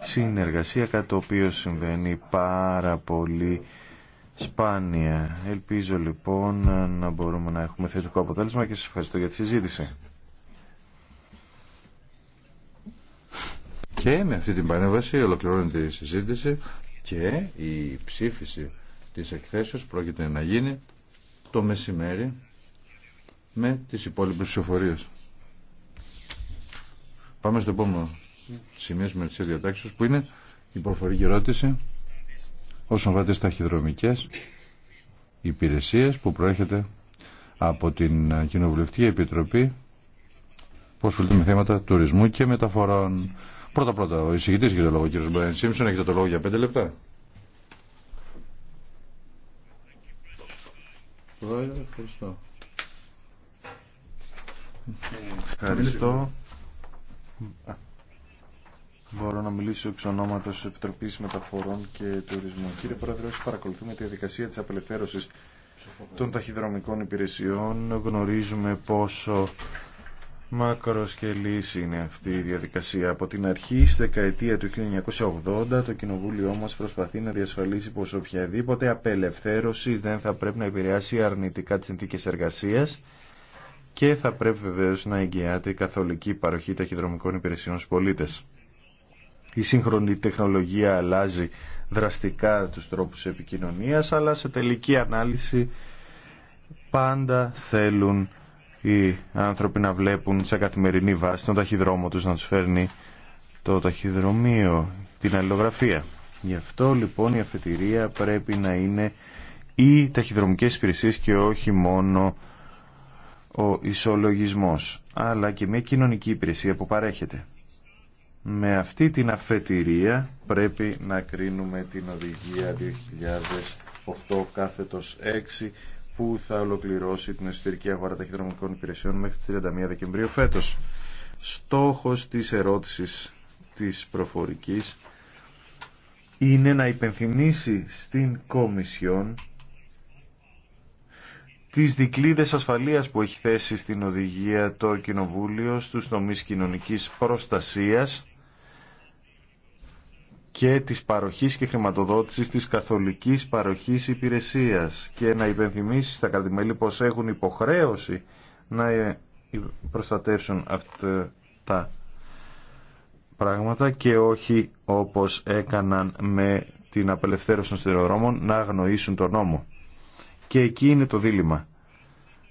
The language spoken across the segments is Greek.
συνεργασία, κάτι το οποίο συμβαίνει πάρα πολύ σπάνια. Ελπίζω λοιπόν να μπορούμε να έχουμε θετικό αποτέλεσμα και σας ευχαριστώ για τη συζήτηση. Και με αυτή την πανέβαση ολοκληρώνεται η συζήτηση και η ψήφιση της εκθέσεως πρόκειται να γίνει το μεσημέρι με τις υπόλοιπες ψηφοφορίες. Πάμε στο επόμενο σημείο σημαντικής διατάξει που είναι η προφορική ερώτηση όσον αφορά τι υπηρεσίε υπηρεσίες που προέρχεται από την Κοινοβουλευτική Επιτροπή που ασχολείται με θέματα τουρισμού και μεταφορών. Πρώτα-πρώτα, ο εισηγητή για το λόγο, κύριο Μπράιν Σίμψον, έχετε το λόγο για πέντε λεπτά. Ευχαριστώ. Ε, Μπορώ να μιλήσω εξ ονόματο τη Επιτροπή Μεταφορών και Τουρισμού. Κύριε Πρόεδρε, όσοι παρακολουθούμε τη διαδικασία τη απελευθέρωση των ταχυδρομικών υπηρεσιών, γνωρίζουμε πόσο μακροσκελή είναι αυτή η διαδικασία. Από την αρχή, στη δεκαετία του 1980, το Κοινοβούλιο μα προσπαθεί να διασφαλίσει πω οποιαδήποτε απελευθέρωση δεν θα πρέπει να επηρεάσει αρνητικά τι συνθήκε εργασία και θα πρέπει βεβαίω να εγγυάται η καθολική παροχή ταχυδρομικών υπηρεσιών στου πολίτε η σύγχρονη τεχνολογία αλλάζει δραστικά τους τρόπους επικοινωνίας, αλλά σε τελική ανάλυση πάντα θέλουν οι άνθρωποι να βλέπουν σε καθημερινή βάση τον ταχυδρόμο τους να τους φέρνει το ταχυδρομείο, την αλληλογραφία. Γι' αυτό λοιπόν η αφετηρία πρέπει να είναι ή ταχυδρομικές υπηρεσίες και όχι μόνο ο ισολογισμός, αλλά και μια κοινωνική υπηρεσία που παρέχεται. Με αυτή την αφετηρία πρέπει να κρίνουμε την οδηγία 2008 κάθετος 6 που θα ολοκληρώσει την εσωτερική αγορά ταχυδρομικών υπηρεσιών μέχρι τις 31 Δεκεμβρίου φέτος. Στόχος της ερώτησης της προφορικής είναι να υπενθυμίσει στην Κομισιόν τις δικλίδες ασφαλείας που έχει θέσει στην οδηγία το Κοινοβούλιο στους τομείς κοινωνικής προστασίας και της παροχής και χρηματοδότησης της καθολικής παροχής υπηρεσίας και να υπενθυμίσει στα καρδιμέλη πως έχουν υποχρέωση να ε, προστατεύσουν αυτά ε, τα πράγματα και όχι όπως έκαναν με την απελευθέρωση των στερεοδρόμων να αγνοήσουν τον νόμο. Και εκεί είναι το δίλημα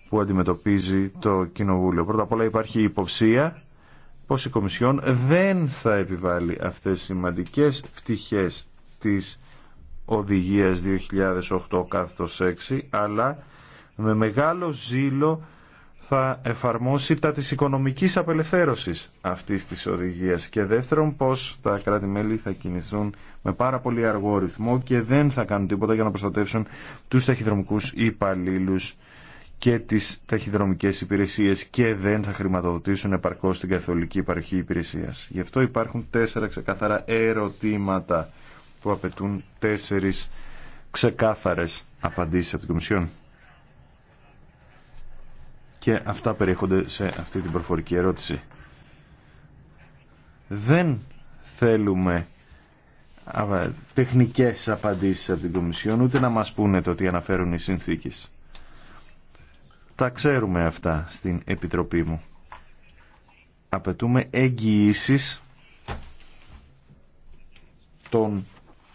που αντιμετωπίζει το Κοινοβούλιο. Πρώτα απ' όλα υπάρχει υποψία πως η Κομισιόν δεν θα επιβάλλει αυτές τις σημαντικές πτυχές της οδηγίας 2008-6 αλλά με μεγάλο ζήλο θα εφαρμόσει τα της οικονομικής απελευθέρωσης αυτής της οδηγίας και δεύτερον πως τα κράτη-μέλη θα κινηθούν με πάρα πολύ αργό ρυθμό και δεν θα κάνουν τίποτα για να προστατεύσουν τους ταχυδρομικούς υπαλλήλους και τις ταχυδρομικές υπηρεσίες και δεν θα χρηματοδοτήσουν επαρκώς την καθολική υπαρχή υπηρεσίας. Γι' αυτό υπάρχουν τέσσερα ξεκάθαρα ερωτήματα που απαιτούν τέσσερις ξεκάθαρες απαντήσεις από την Κομισιόν. Και αυτά περιέχονται σε αυτή την προφορική ερώτηση. Δεν θέλουμε τεχνικές απαντήσεις από την Κομισιόν, ούτε να μας πούνε το τι αναφέρουν οι συνθήκες. Τα ξέρουμε αυτά στην Επιτροπή μου. Απαιτούμε εγγυήσει των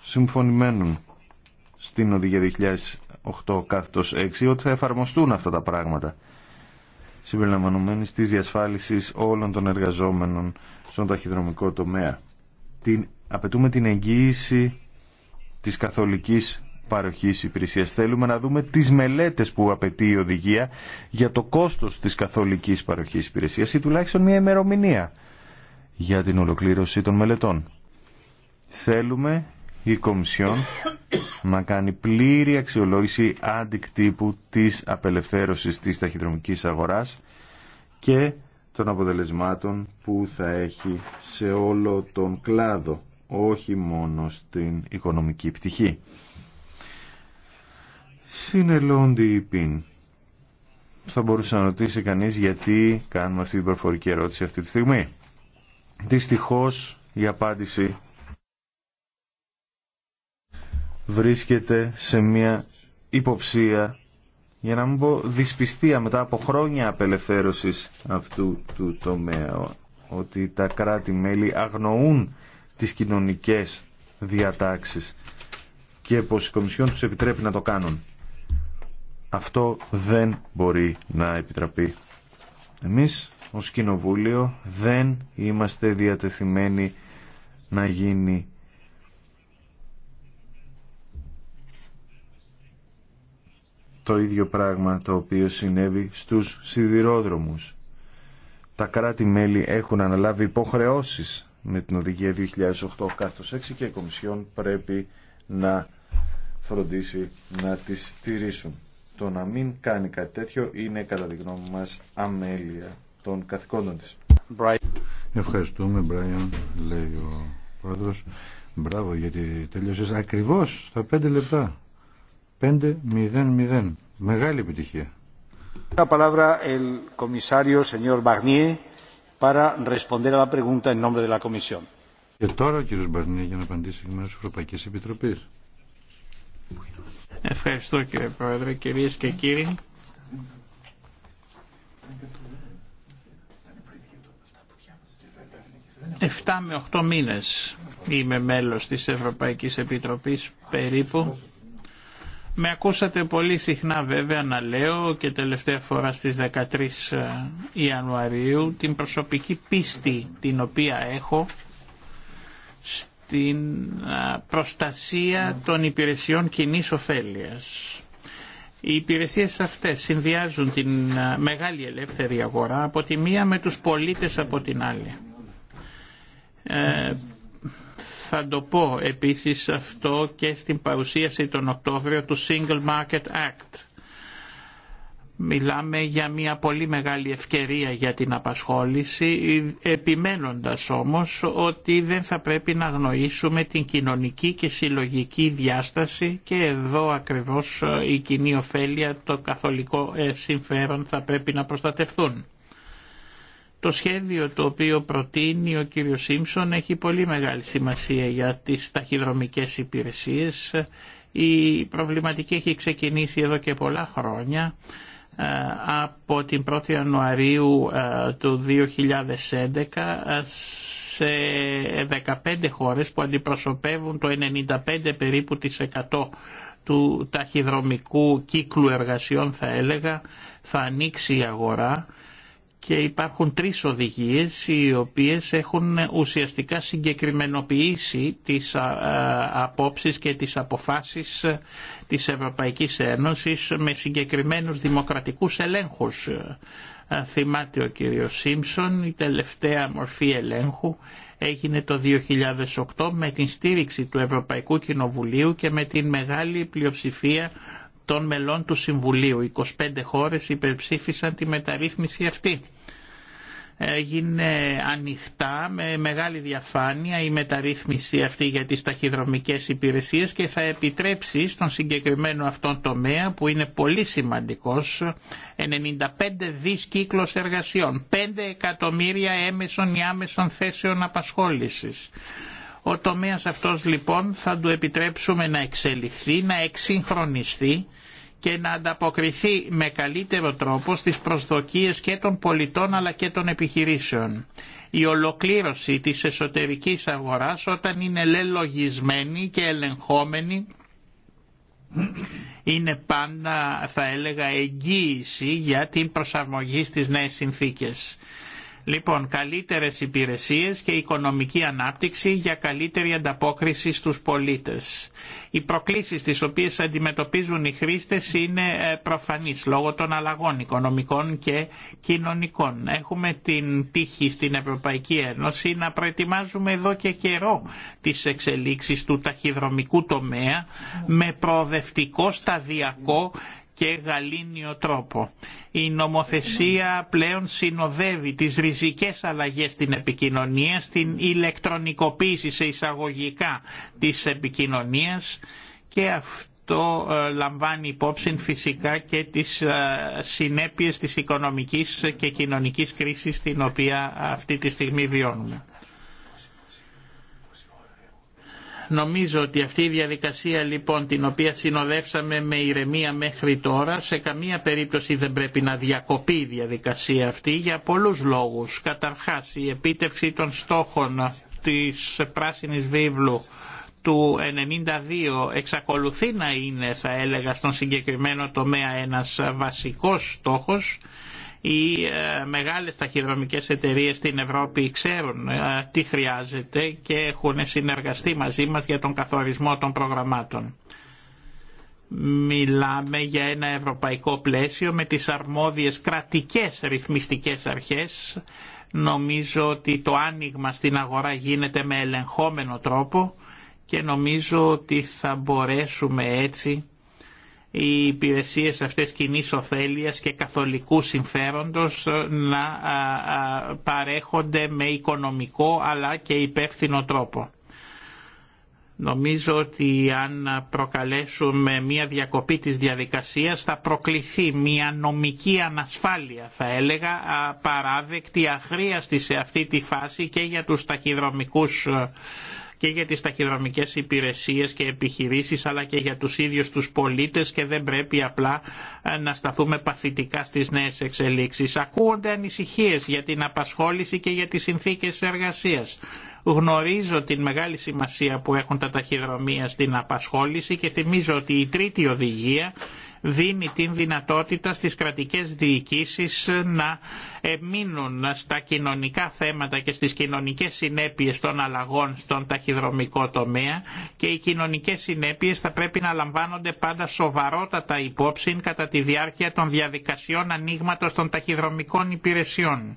συμφωνημένων στην Οδηγία 2008 κάθετος 6 ότι θα εφαρμοστούν αυτά τα πράγματα συμπεριλαμβανομένης της διασφάλισης όλων των εργαζόμενων στον ταχυδρομικό τομέα. Την, απαιτούμε την εγγύηση της καθολικής παροχής υπηρεσία. Θέλουμε να δούμε τις μελέτες που απαιτεί η οδηγία για το κόστος της καθολικής παροχή υπηρεσία ή τουλάχιστον μια ημερομηνία για την ολοκλήρωση των μελετών. Θέλουμε η Κομισιόν να κάνει πλήρη αξιολόγηση αντικτύπου της απελευθέρωσης της ταχυδρομικής αγοράς και των αποτελεσμάτων που θα έχει σε όλο τον κλάδο, όχι μόνο στην οικονομική πτυχή. Συνελόντι πιν. Θα μπορούσε να ρωτήσει κανείς γιατί κάνουμε αυτή την προφορική ερώτηση αυτή τη στιγμή. Δυστυχώ η απάντηση βρίσκεται σε μια υποψία για να μην πω δυσπιστία μετά από χρόνια απελευθέρωσης αυτού του τομέα ότι τα κράτη-μέλη αγνοούν τις κοινωνικές διατάξεις και πως η Κομισιόν τους επιτρέπει να το κάνουν. Αυτό δεν μπορεί να επιτραπεί. Εμείς ως Κοινοβούλιο δεν είμαστε διατεθειμένοι να γίνει το ίδιο πράγμα το οποίο συνέβη στους σιδηρόδρομους. Τα κράτη-μέλη έχουν αναλάβει υποχρεώσεις με την οδηγία 2008 κάθος 6 και η Κομισιόν πρέπει να φροντίσει να τις τηρήσουν. Το να μην κάνει κάτι τέτοιο είναι κατά τη γνώμη μας αμέλεια των καθηκόντων της. Ευχαριστούμε, Μπράιον, λέει ο πρόεδρος. Μπράβο, γιατί τελειώσες ακριβώς στα 5 λεπτά. 5-0-0. Μεγάλη επιτυχία. La palabra el comisario señor Barnier para responder a la pregunta en nombre de la Comisión. Και τώρα ο κύριος Μπαρνιέ για να απαντήσει εκ μέρους της Ευρωπαϊκής Επιτροπής. Ευχαριστώ κύριε Πρόεδρε, κυρίες και κύριοι. Εφτά με οχτώ μήνες είμαι μέλος της Ευρωπαϊκής Επιτροπής περίπου. Με ακούσατε πολύ συχνά βέβαια να λέω και τελευταία φορά στις 13 ε, Ιανουαρίου την προσωπική πίστη την οποία έχω την προστασία των υπηρεσιών κοινή ωφέλεια. Οι υπηρεσίες αυτές συνδυάζουν την μεγάλη ελεύθερη αγορά από τη μία με τους πολίτες από την άλλη. Ε, θα το πω επίσης αυτό και στην παρουσίαση τον Οκτώβριο του Single Market Act Μιλάμε για μια πολύ μεγάλη ευκαιρία για την απασχόληση, επιμένοντας όμως ότι δεν θα πρέπει να γνωρίσουμε την κοινωνική και συλλογική διάσταση και εδώ ακριβώς ε, η κοινή ωφέλεια, το καθολικό ε, συμφέρον θα πρέπει να προστατευθούν. Το σχέδιο το οποίο προτείνει ο κύριος Σίμψον έχει πολύ μεγάλη σημασία για τις ταχυδρομικές υπηρεσίες. Η προβληματική έχει ξεκινήσει εδώ και πολλά χρόνια ε, από την 1η Ιανουαρίου ε, του 2011 ε, σε 15 χώρες που αντιπροσωπεύουν το 95 περίπου της 100 του ταχυδρομικού κύκλου εργασιών θα έλεγα θα ανοίξει η αγορά και υπάρχουν τρεις οδηγίες οι οποίες έχουν ουσιαστικά συγκεκριμενοποιήσει τις απόψεις και τις αποφάσεις της Ευρωπαϊκής Ένωσης με συγκεκριμένους δημοκρατικούς ελέγχους. Θυμάται ο κύριος Σίμψον, η τελευταία μορφή ελέγχου έγινε το 2008 με την στήριξη του Ευρωπαϊκού Κοινοβουλίου και με την μεγάλη πλειοψηφία των μελών του Συμβουλίου. 25 χώρες υπερψήφισαν τη μεταρρύθμιση αυτή. Έγινε ανοιχτά με μεγάλη διαφάνεια η μεταρρύθμιση αυτή για τις ταχυδρομικές υπηρεσίες και θα επιτρέψει στον συγκεκριμένο αυτόν τομέα που είναι πολύ σημαντικός 95 δις κύκλος εργασιών, 5 εκατομμύρια έμεσων ή άμεσων θέσεων απασχόλησης. Ο τομέας αυτός λοιπόν θα του επιτρέψουμε να εξελιχθεί, να εξυγχρονιστεί και να ανταποκριθεί με καλύτερο τρόπο στις προσδοκίες και των πολιτών αλλά και των επιχειρήσεων. Η ολοκλήρωση της εσωτερικής αγοράς όταν είναι λελογισμένη και ελεγχόμενη είναι πάντα θα έλεγα εγγύηση για την προσαρμογή στις νέες συνθήκες. Λοιπόν, καλύτερες υπηρεσίες και οικονομική ανάπτυξη για καλύτερη ανταπόκριση στους πολίτες. Οι προκλήσεις τις οποίες αντιμετωπίζουν οι χρήστες είναι ε, προφανείς λόγω των αλλαγών οικονομικών και κοινωνικών. Έχουμε την τύχη στην Ευρωπαϊκή Ένωση να προετοιμάζουμε εδώ και καιρό τις εξελίξεις του ταχυδρομικού τομέα με προοδευτικό σταδιακό και γαλήνιο τρόπο. Η νομοθεσία πλέον συνοδεύει τις ριζικές αλλαγές στην επικοινωνία, στην ηλεκτρονικοποίηση σε εισαγωγικά της επικοινωνίας και αυτό ε, λαμβάνει υπόψη φυσικά και τις ε, συνέπειες της οικονομικής και κοινωνικής κρίσης την οποία αυτή τη στιγμή βιώνουμε. Νομίζω ότι αυτή η διαδικασία λοιπόν την οποία συνοδεύσαμε με ηρεμία μέχρι τώρα σε καμία περίπτωση δεν πρέπει να διακοπεί η διαδικασία αυτή για πολλούς λόγους. Καταρχάς η επίτευξη των στόχων της πράσινης βίβλου του 92 εξακολουθεί να είναι θα έλεγα στον συγκεκριμένο τομέα ένας βασικός στόχος οι ε, μεγάλες ταχυδρομικές εταιρείες στην Ευρώπη ξέρουν ε, τι χρειάζεται και έχουν συνεργαστεί μαζί μας για τον καθορισμό των προγραμμάτων. Μιλάμε για ένα ευρωπαϊκό πλαίσιο με τις αρμόδιες κρατικές ρυθμιστικές αρχές. Νομίζω ότι το άνοιγμα στην αγορά γίνεται με ελεγχόμενο τρόπο και νομίζω ότι θα μπορέσουμε έτσι οι υπηρεσίες αυτές κοινή ωφέλεια και καθολικού συμφέροντος ε, να παρέχονται με οικονομικό αλλά και υπεύθυνο τρόπο. Νομίζω ότι αν προκαλέσουμε μία διακοπή της διαδικασίας θα προκληθεί μία νομική ανασφάλεια θα έλεγα παράδεκτη αχρίαστη σε αυτή τη φάση και για τους ταχυδρομικούς ε, και για τις ταχυδρομικές υπηρεσίες και επιχειρήσεις αλλά και για τους ίδιους τους πολίτες και δεν πρέπει απλά ε, να σταθούμε παθητικά στις νέες εξελίξεις. Ακούονται ανησυχίες για την απασχόληση και για τις συνθήκες εργασίας. Γνωρίζω την μεγάλη σημασία που έχουν τα ταχυδρομεία στην απασχόληση και θυμίζω ότι η τρίτη οδηγία δίνει την δυνατότητα στις κρατικές διοικήσεις να μείνουν στα κοινωνικά θέματα και στις κοινωνικές συνέπειες των αλλαγών στον ταχυδρομικό τομέα και οι κοινωνικές συνέπειες θα πρέπει να λαμβάνονται πάντα σοβαρότατα υπόψη κατά τη διάρκεια των διαδικασιών ανοίγματο των ταχυδρομικών υπηρεσιών.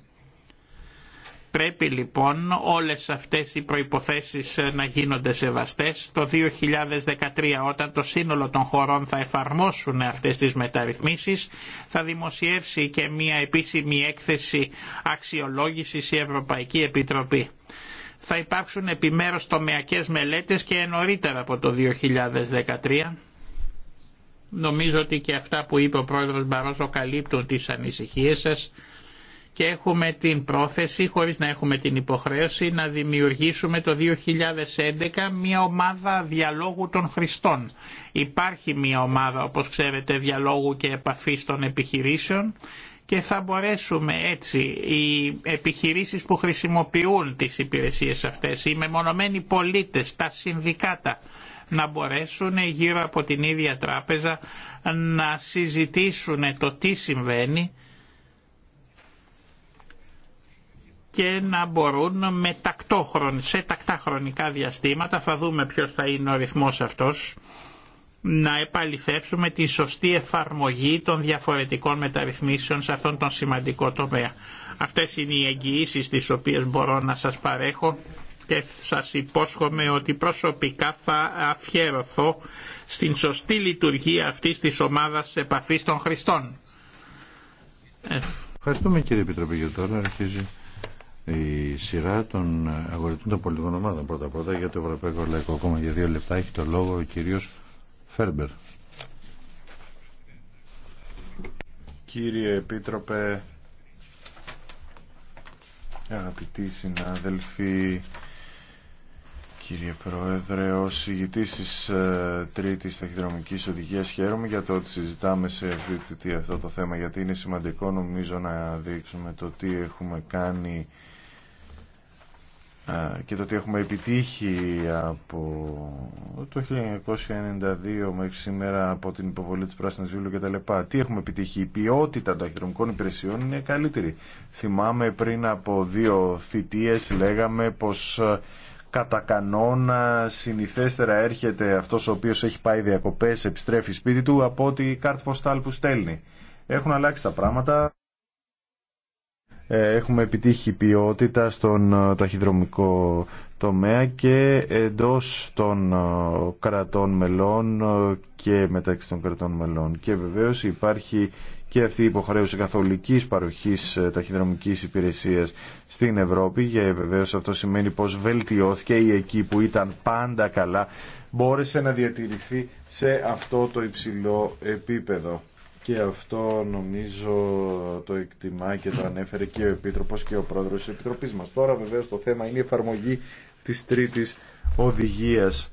Πρέπει λοιπόν όλες αυτές οι προϋποθέσεις ε, να γίνονται σεβαστές. Το 2013 όταν το σύνολο των χωρών θα εφαρμόσουν αυτές τις μεταρρυθμίσεις θα δημοσιεύσει και μια επίσημη έκθεση αξιολόγησης η Ευρωπαϊκή Επιτροπή. Θα υπάρξουν επιμέρους τομεακές μελέτες και νωρίτερα από το 2013. Νομίζω ότι και αυτά που είπε ο πρόεδρος Μπαρόζο καλύπτουν τις ανησυχίες σας και έχουμε την πρόθεση, χωρίς να έχουμε την υποχρέωση, να δημιουργήσουμε το 2011 μια ομάδα διαλόγου των χρηστών. Υπάρχει μια ομάδα, όπως ξέρετε, διαλόγου και επαφής των επιχειρήσεων και θα μπορέσουμε έτσι οι επιχειρήσεις που χρησιμοποιούν τις υπηρεσίες αυτές, οι μεμονωμένοι πολίτες, τα συνδικάτα, να μπορέσουν γύρω από την ίδια τράπεζα να συζητήσουν το τι συμβαίνει και να μπορούν με τακτόχρον, σε τακτά χρονικά διαστήματα, θα δούμε ποιος θα είναι ο ρυθμός αυτός, να επαληθεύσουμε τη σωστή εφαρμογή των διαφορετικών μεταρρυθμίσεων σε αυτόν τον σημαντικό τομέα. Αυτές είναι οι εγγυήσεις τις οποίες μπορώ να σας παρέχω και σας υπόσχομαι ότι προσωπικά θα αφιερωθώ στην σωστή λειτουργία αυτής της ομάδας επαφή των Χριστών. Ε. Ευχαριστούμε κύριε Επιτροπή τώρα η σειρά των αγορητών των πολιτικών ομάδων πρώτα-πρώτα για το Ευρωπαϊκό Λαϊκό Κόμμα. Για δύο λεπτά έχει το λόγο ο κύριος Φέρμπερ. Κύριε Επίτροπε, αγαπητοί συνάδελφοι, Κύριε Πρόεδρε, ω ηγητή τη ε, Τρίτη Ταχυδρομική Οδηγία χαίρομαι για το ότι συζητάμε σε αυτή τη αυτό το θέμα γιατί είναι σημαντικό νομίζω να δείξουμε το τι έχουμε κάνει και το ότι έχουμε επιτύχει από το 1992 μέχρι σήμερα από την υποβολή της Πράσινης Βίβλου και τα λεπά. Τι έχουμε επιτύχει, η ποιότητα των ταχυδρομικών υπηρεσιών είναι καλύτερη. Θυμάμαι πριν από δύο θητείες λέγαμε πως ε, κατά κανόνα συνηθέστερα έρχεται αυτός ο οποίος έχει πάει διακοπές, επιστρέφει σπίτι του από ότι η κάρτ ποστάλ που στέλνει. Έχουν αλλάξει τα πράγματα. Ε, έχουμε επιτύχει ποιότητα στον ε, ταχυδρομικό τομέα και εντός των ε, κρατών μελών και μεταξύ των κρατών μελών. Και βεβαίως υπάρχει και αυτή η υποχρέωση καθολικής παροχής ταχυδρομικής υπηρεσίας στην Ευρώπη και βεβαίως αυτό σημαίνει πως βελτιώθηκε η εκεί που ήταν πάντα καλά μπόρεσε να διατηρηθεί σε αυτό το υψηλό επίπεδο και αυτό νομίζω το εκτιμά και το ανέφερε και ο Επίτροπος και ο Πρόεδρος της Επιτροπής μας. Τώρα βεβαίως το θέμα είναι η εφαρμογή της τρίτης οδηγίας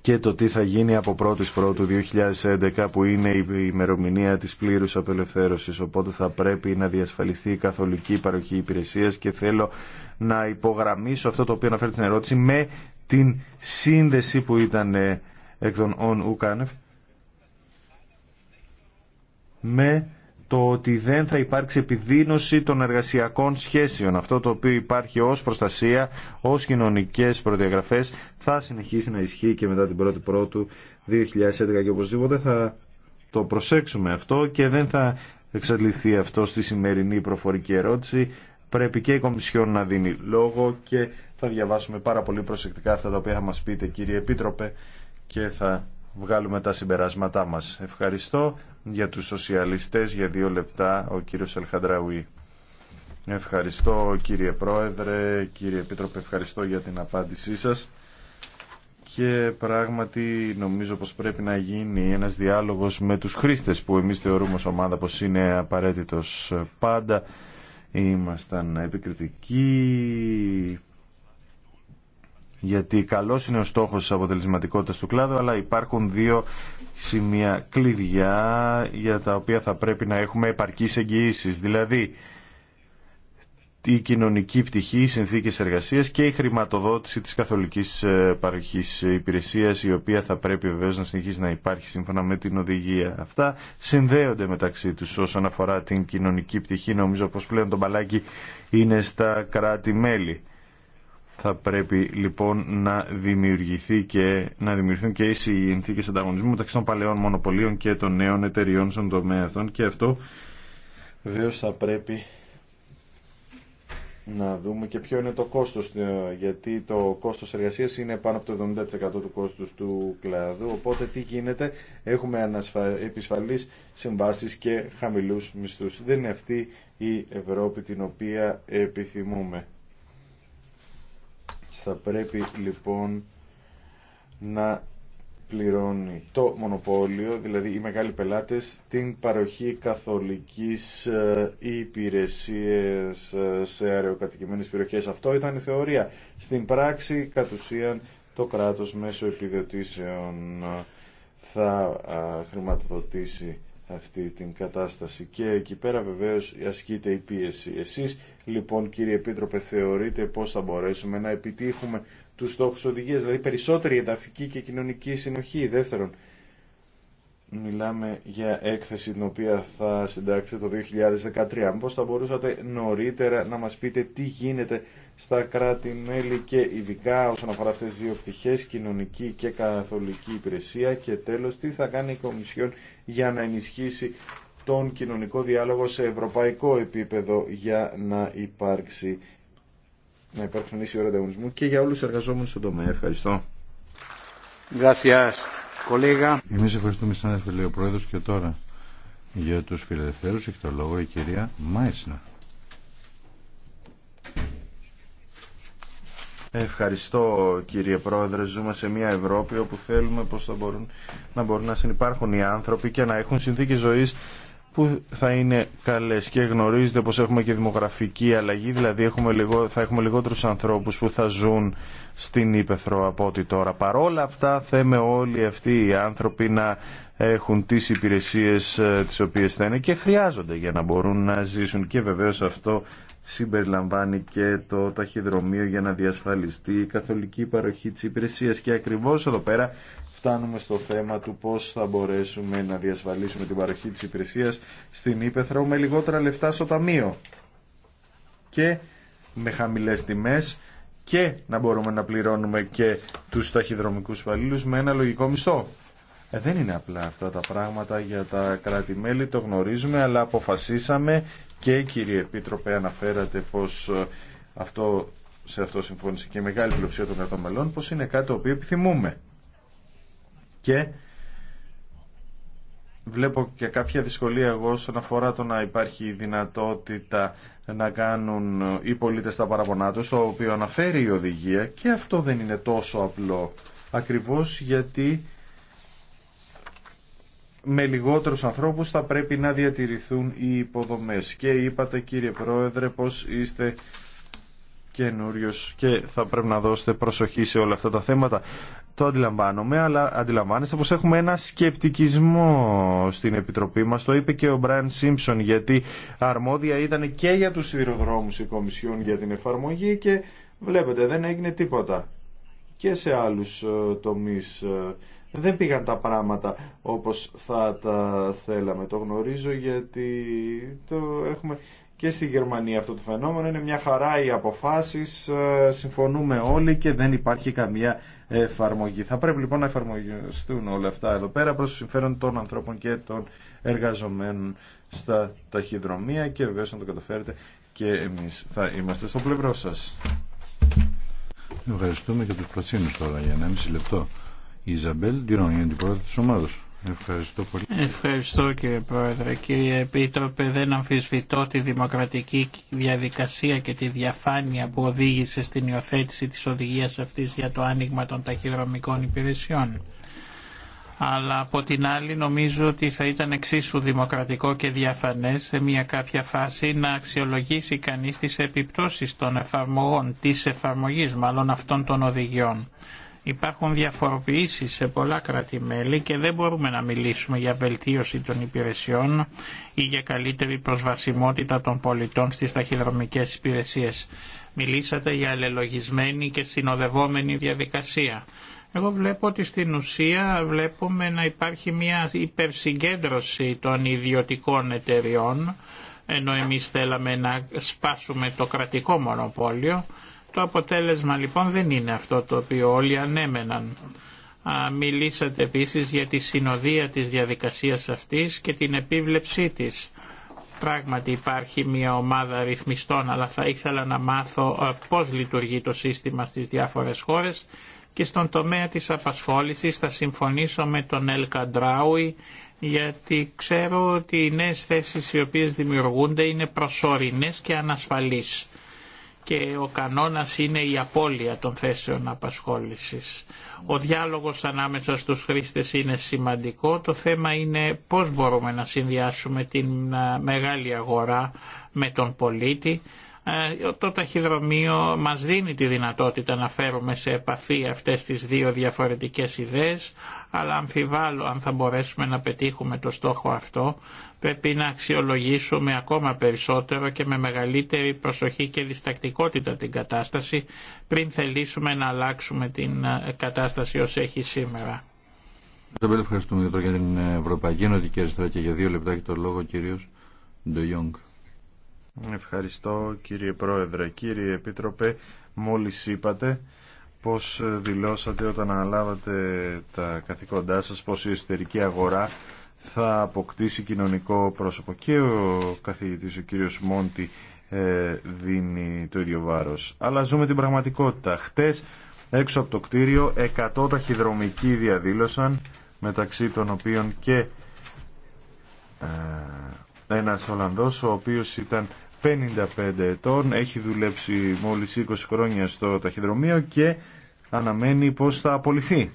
και το τι θα γίνει από 1η Πρώτου 2011 που είναι η ημερομηνία της πλήρους απελευθέρωσης οπότε θα πρέπει να διασφαλιστεί η καθολική παροχή υπηρεσίας και θέλω να υπογραμμίσω αυτό το οποίο αναφέρει στην ερώτηση με την σύνδεση που ήταν ε, εκ των ΟΝ ΟΥΚΑΝΕΦ με το ότι δεν θα υπάρξει επιδείνωση των εργασιακών σχέσεων. Αυτό το οποίο υπάρχει ως προστασία, ως κοινωνικές προδιαγραφές θα συνεχίσει να ισχύει και μετά την 1η Πρώτου 2011 και οπωσδήποτε θα το προσέξουμε αυτό και δεν θα εξαντληθεί αυτό στη σημερινή προφορική ερώτηση. Πρέπει και η Κομισιόν να δίνει λόγο και θα διαβάσουμε πάρα πολύ προσεκτικά αυτά τα οποία θα μας πείτε κύριε Επίτροπε και θα βγάλουμε τα συμπεράσματά μας. Ευχαριστώ για τους σοσιαλιστές για δύο λεπτά ο κύριος Ελχαντραουή. Ευχαριστώ κύριε Πρόεδρε, κύριε Επίτροπε, ευχαριστώ για την απάντησή σας και πράγματι νομίζω πως πρέπει να γίνει ένας διάλογος με τους χρήστες που εμείς θεωρούμε ως ομάδα πως είναι απαραίτητος πάντα. Ήμασταν επικριτικοί, γιατί καλό είναι ο στόχο τη αποτελεσματικότητα του κλάδου, αλλά υπάρχουν δύο σημεία κλειδιά για τα οποία θα πρέπει να έχουμε επαρκείς εγγυήσει. Δηλαδή, η κοινωνική πτυχή, οι συνθήκε εργασία και η χρηματοδότηση τη καθολική ε, παροχή υπηρεσία, η οποία θα πρέπει βεβαίω να συνεχίσει να υπάρχει σύμφωνα με την οδηγία. Αυτά συνδέονται μεταξύ του όσον αφορά την κοινωνική πτυχή. Νομίζω πω πλέον το μπαλάκι είναι στα κράτη-μέλη θα πρέπει λοιπόν να, δημιουργηθεί και, να δημιουργηθούν και οι συνθήκε ανταγωνισμού μεταξύ των παλαιών μονοπωλίων και των νέων εταιριών στον τομέα αυτών και αυτό βεβαίω θα πρέπει να δούμε και ποιο είναι το κόστος ε, γιατί το κόστος εργασίας είναι πάνω από το 70% του κόστους του κλάδου οπότε τι γίνεται έχουμε επισφαλείς συμβάσεις και χαμηλούς μισθούς δεν είναι αυτή η Ευρώπη την οποία επιθυμούμε θα πρέπει λοιπόν να πληρώνει το μονοπόλιο, δηλαδή οι μεγάλοι πελάτες, την παροχή καθολικής ε, υπηρεσίας ε, σε αεροκατοικημένες περιοχές. Αυτό ήταν η θεωρία. Στην πράξη, κατ' ουσίαν, το κράτος μέσω επιδοτήσεων θα χρηματοδοτήσει αυτή την κατάσταση. Και εκεί πέρα βεβαίως ασκείται η πίεση. Εσείς λοιπόν κύριε Επίτροπε θεωρείτε πώς θα μπορέσουμε να επιτύχουμε τους στόχους οδηγίας, δηλαδή περισσότερη ενταφική και κοινωνική συνοχή. Δεύτερον, Μιλάμε για έκθεση την οποία θα συντάξετε το 2013. Μήπως θα μπορούσατε νωρίτερα να μας πείτε τι γίνεται στα κράτη-μέλη και ειδικά όσον αφορά αυτές τις δύο πτυχές, κοινωνική και καθολική υπηρεσία και τέλος τι θα κάνει η Κομισιόν για να ενισχύσει τον κοινωνικό διάλογο σε ευρωπαϊκό επίπεδο για να υπάρξει να υπάρξουν ίσοι ανταγωνισμού και για όλους τους εργαζόμενους στον τομέα. Ευχαριστώ. Gracias. Εμείς ευχαριστούμε σαν λέει ο Πρόεδρος και τώρα για τους φιλελευθέρους έχει το λόγο η κυρία Μάισνα. Ευχαριστώ κύριε Πρόεδρε. Ζούμε σε μια Ευρώπη όπου θέλουμε πως θα μπορούν, να μπορούν να συνεπάρχουν οι άνθρωποι και να έχουν συνθήκες ζωής που θα είναι καλές και γνωρίζετε πως έχουμε και δημογραφική αλλαγή, δηλαδή έχουμε λιγό, θα έχουμε λιγότερους ανθρώπους που θα ζουν στην Ήπεθρο από ό,τι τώρα. Παρόλα αυτά θέμε όλοι αυτοί οι άνθρωποι να έχουν τις υπηρεσίες ε, τις οποίες θα είναι και χρειάζονται για να μπορούν να ζήσουν και βεβαίως αυτό συμπεριλαμβάνει και το ταχυδρομείο για να διασφαλιστεί η καθολική παροχή της υπηρεσίας και ακριβώς εδώ πέρα φτάνουμε στο θέμα του πώς θα μπορέσουμε να διασφαλίσουμε την παροχή της υπηρεσίας στην Ήπεθρο με λιγότερα λεφτά στο ταμείο και με χαμηλές τιμές και να μπορούμε να πληρώνουμε και τους ταχυδρομικούς υπαλλήλους με ένα λογικό μισθό. Ε, δεν είναι απλά αυτά τα πράγματα για τα κράτη-μέλη, το γνωρίζουμε, αλλά αποφασίσαμε και κύριε Επίτροπε αναφέρατε πως ε, αυτό, σε αυτό συμφώνησε και η μεγάλη πλειοψηφία των κρατών μελών, πως είναι κάτι το οποίο επιθυμούμε και βλέπω και κάποια δυσκολία εγώ όσον αφορά το να υπάρχει δυνατότητα να κάνουν οι πολίτες τα παραπονά τους, το οποίο αναφέρει η οδηγία και αυτό δεν είναι τόσο απλό. Ακριβώς γιατί με λιγότερους ανθρώπους θα πρέπει να διατηρηθούν οι υποδομές. Και είπατε κύριε Πρόεδρε πως είστε καινούριος και θα πρέπει να δώσετε προσοχή σε όλα αυτά τα θέματα. Το αντιλαμβάνομαι, αλλά αντιλαμβάνεστε πως έχουμε ένα σκεπτικισμό στην Επιτροπή μας. Το είπε και ο Μπράιν Σίμψον, γιατί αρμόδια ήταν και για τους σιδηροδρόμους η Κομισιόν για την εφαρμογή και βλέπετε δεν έγινε τίποτα. Και σε άλλους ε, τομείς ε, δεν πήγαν τα πράγματα όπως θα τα θέλαμε. Το γνωρίζω γιατί το έχουμε και στη Γερμανία αυτό το φαινόμενο. Είναι μια χαρά οι αποφάσεις, ε, συμφωνούμε όλοι και δεν υπάρχει καμία εφαρμογή. Θα πρέπει λοιπόν να εφαρμογιστούν όλα αυτά εδώ πέρα προς συμφέρον των ανθρώπων και των εργαζομένων στα ταχυδρομεία και βεβαίω να το καταφέρετε και εμείς θα είμαστε στο πλευρό σας. Ευχαριστούμε και τους πλασίνου τώρα για 1,5 λεπτό. Η Ιζαμπέλ Ντιρόν, η αντιπρόεδρο τη ομάδα. Ευχαριστώ πολύ. Ευχαριστώ κύριε Πρόεδρε. Κύριε Επίτροπε, δεν αμφισβητώ τη δημοκρατική διαδικασία και τη διαφάνεια που οδήγησε στην υιοθέτηση της οδηγίας αυτής για το άνοιγμα των ταχυδρομικών υπηρεσιών. Αλλά από την άλλη νομίζω ότι θα ήταν εξίσου δημοκρατικό και διαφανές σε μια κάποια φάση να αξιολογήσει κανείς τις επιπτώσεις των εφαρμογών, της εφαρμογής μάλλον αυτών των οδηγιών. Υπάρχουν διαφοροποιήσεις σε πολλά κράτη-μέλη και δεν μπορούμε να μιλήσουμε για βελτίωση των υπηρεσιών ή για καλύτερη προσβασιμότητα των πολιτών στις ταχυδρομικές υπηρεσίες. Μιλήσατε για αλληλογισμένη και συνοδευόμενη διαδικασία. Εγώ βλέπω ότι στην ουσία βλέπουμε να υπάρχει μια υπερσυγκέντρωση των ιδιωτικών εταιριών, ενώ εμείς θέλαμε να σπάσουμε το κρατικό μονοπόλιο, το αποτέλεσμα λοιπόν δεν είναι αυτό το οποίο όλοι ανέμεναν. Μιλήσατε επίσης για τη συνοδεία της διαδικασίας αυτής και την επίβλεψή της. Πράγματι υπάρχει μια ομάδα ρυθμιστών, αλλά θα ήθελα να μάθω πώς λειτουργεί το σύστημα στις διάφορες χώρες και στον τομέα της απασχόλησης θα συμφωνήσω με τον Ελ Καντράουι γιατί ξέρω ότι οι νέες θέσεις οι οποίες δημιουργούνται είναι προσωρινές και ανασφαλείς και ο κανόνας είναι η απώλεια των θέσεων απασχόλησης. Ο διάλογος ανάμεσα στους χρήστες είναι σημαντικό. Το θέμα είναι πώς μπορούμε να συνδυάσουμε την μεγάλη αγορά με τον πολίτη. Ε, το ταχυδρομείο μας δίνει τη δυνατότητα να φέρουμε σε επαφή αυτές τις δύο διαφορετικές ιδέες, αλλά αμφιβάλλω αν θα μπορέσουμε να πετύχουμε το στόχο αυτό, πρέπει να αξιολογήσουμε ακόμα περισσότερο και με μεγαλύτερη προσοχή και διστακτικότητα την κατάσταση πριν θελήσουμε να αλλάξουμε την ε, κατάσταση ως έχει σήμερα. Ευχαριστώ. ευχαριστούμε για την Ευρωπαϊκή Ενωτική και για δύο λεπτά και το λόγο κυρίως Ευχαριστώ κύριε Πρόεδρε. Κύριε Επίτροπε, μόλις είπατε πως ε, δηλώσατε όταν αναλάβατε τα καθήκοντά σας πως η εσωτερική αγορά θα αποκτήσει κοινωνικό πρόσωπο και ο καθηγητής ο κύριος Μόντι ε, δίνει το ίδιο βάρος αλλά ζούμε την πραγματικότητα χτες έξω από το κτίριο 100 ταχυδρομικοί διαδήλωσαν μεταξύ των οποίων και ε, ένας Ολλανδός ο οποίος ήταν 55 ετών, έχει δουλέψει μόλις 20 χρόνια στο ταχυδρομείο και αναμένει πως θα απολυθεί.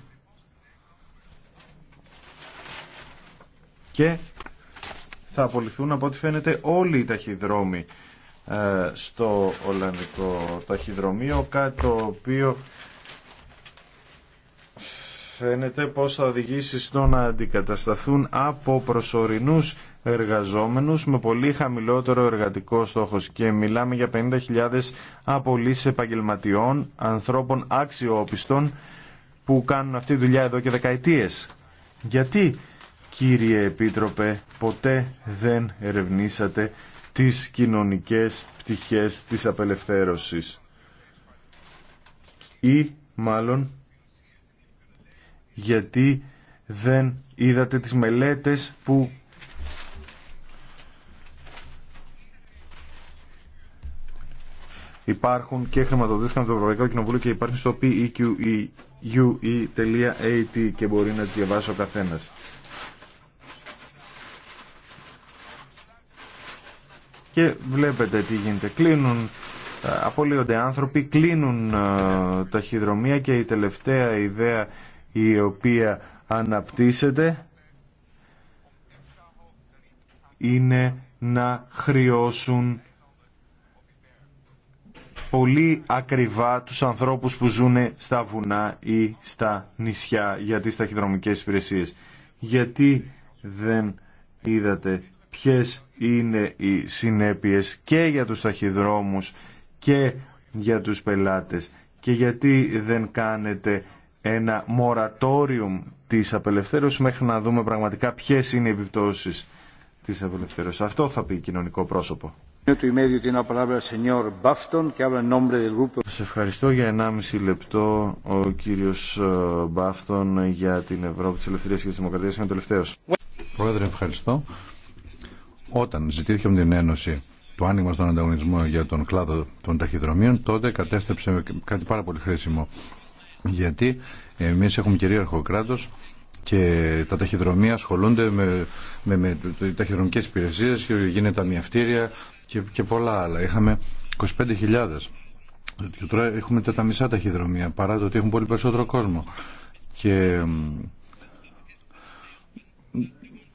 Και θα απολυθούν από ό,τι φαίνεται όλοι οι ταχυδρόμοι ε, στο Ολλανδικό ταχυδρομείο, κάτι το οποίο φαίνεται πως θα οδηγήσει στο να αντικατασταθούν από προσωρινούς εργαζόμενους με πολύ χαμηλότερο εργατικό στόχος και μιλάμε για 50.000 απολύσεις επαγγελματιών, ανθρώπων αξιόπιστων που κάνουν αυτή τη δουλειά εδώ και δεκαετίες. Γιατί κύριε Επίτροπε ποτέ δεν ερευνήσατε τις κοινωνικές πτυχές της απελευθέρωσης ή μάλλον γιατί δεν είδατε τις μελέτες που υπάρχουν και χρηματοδοτήθηκαν από το Ευρωπαϊκό Κοινοβούλιο και υπάρχουν στο peqe.at e και μπορεί να τη διαβάσει ο καθένας. Και βλέπετε τι γίνεται. Κλείνουν, ε, απολύονται άνθρωποι, κλείνουν ε, ταχυδρομεία και η τελευταία ιδέα η οποία αναπτύσσεται είναι να χρειώσουν πολύ ακριβά τους ανθρώπους που ζουν στα βουνά ή στα νησιά για τις ταχυδρομικές υπηρεσίες. Γιατί δεν είδατε ποιες είναι οι συνέπειες και για τους ταχυδρόμους και για τους πελάτες και γιατί δεν κάνετε ένα μορατόριο της απελευθέρωσης μέχρι να δούμε πραγματικά ποιες είναι οι επιπτώσεις της απελευθέρωσης. Αυτό θα πει κοινωνικό πρόσωπο. Σας ευχαριστώ για 1,5 λεπτό ο κύριος Μπάφτον ε, για την Ευρώπη της Ελευθερίας και της Δημοκρατίας είναι ο τελευταίος. Πρόεδρε ευχαριστώ. Όταν ζητήθηκε από την Ένωση το άνοιγμα στον ανταγωνισμό για τον κλάδο των ταχυδρομείων τότε κατέστρεψε κάτι πάρα πολύ χρήσιμο γιατί εμείς έχουμε κυρίαρχο κράτος και τα ταχυδρομεία ασχολούνται με, με, με ταχυδρομικές υπηρεσίες και γίνεται ταμιευτήρια και, και πολλά άλλα. Είχαμε 25.000 και τώρα έχουμε τα μισά ταχυδρομεία παρά το ότι έχουν πολύ περισσότερο κόσμο. Και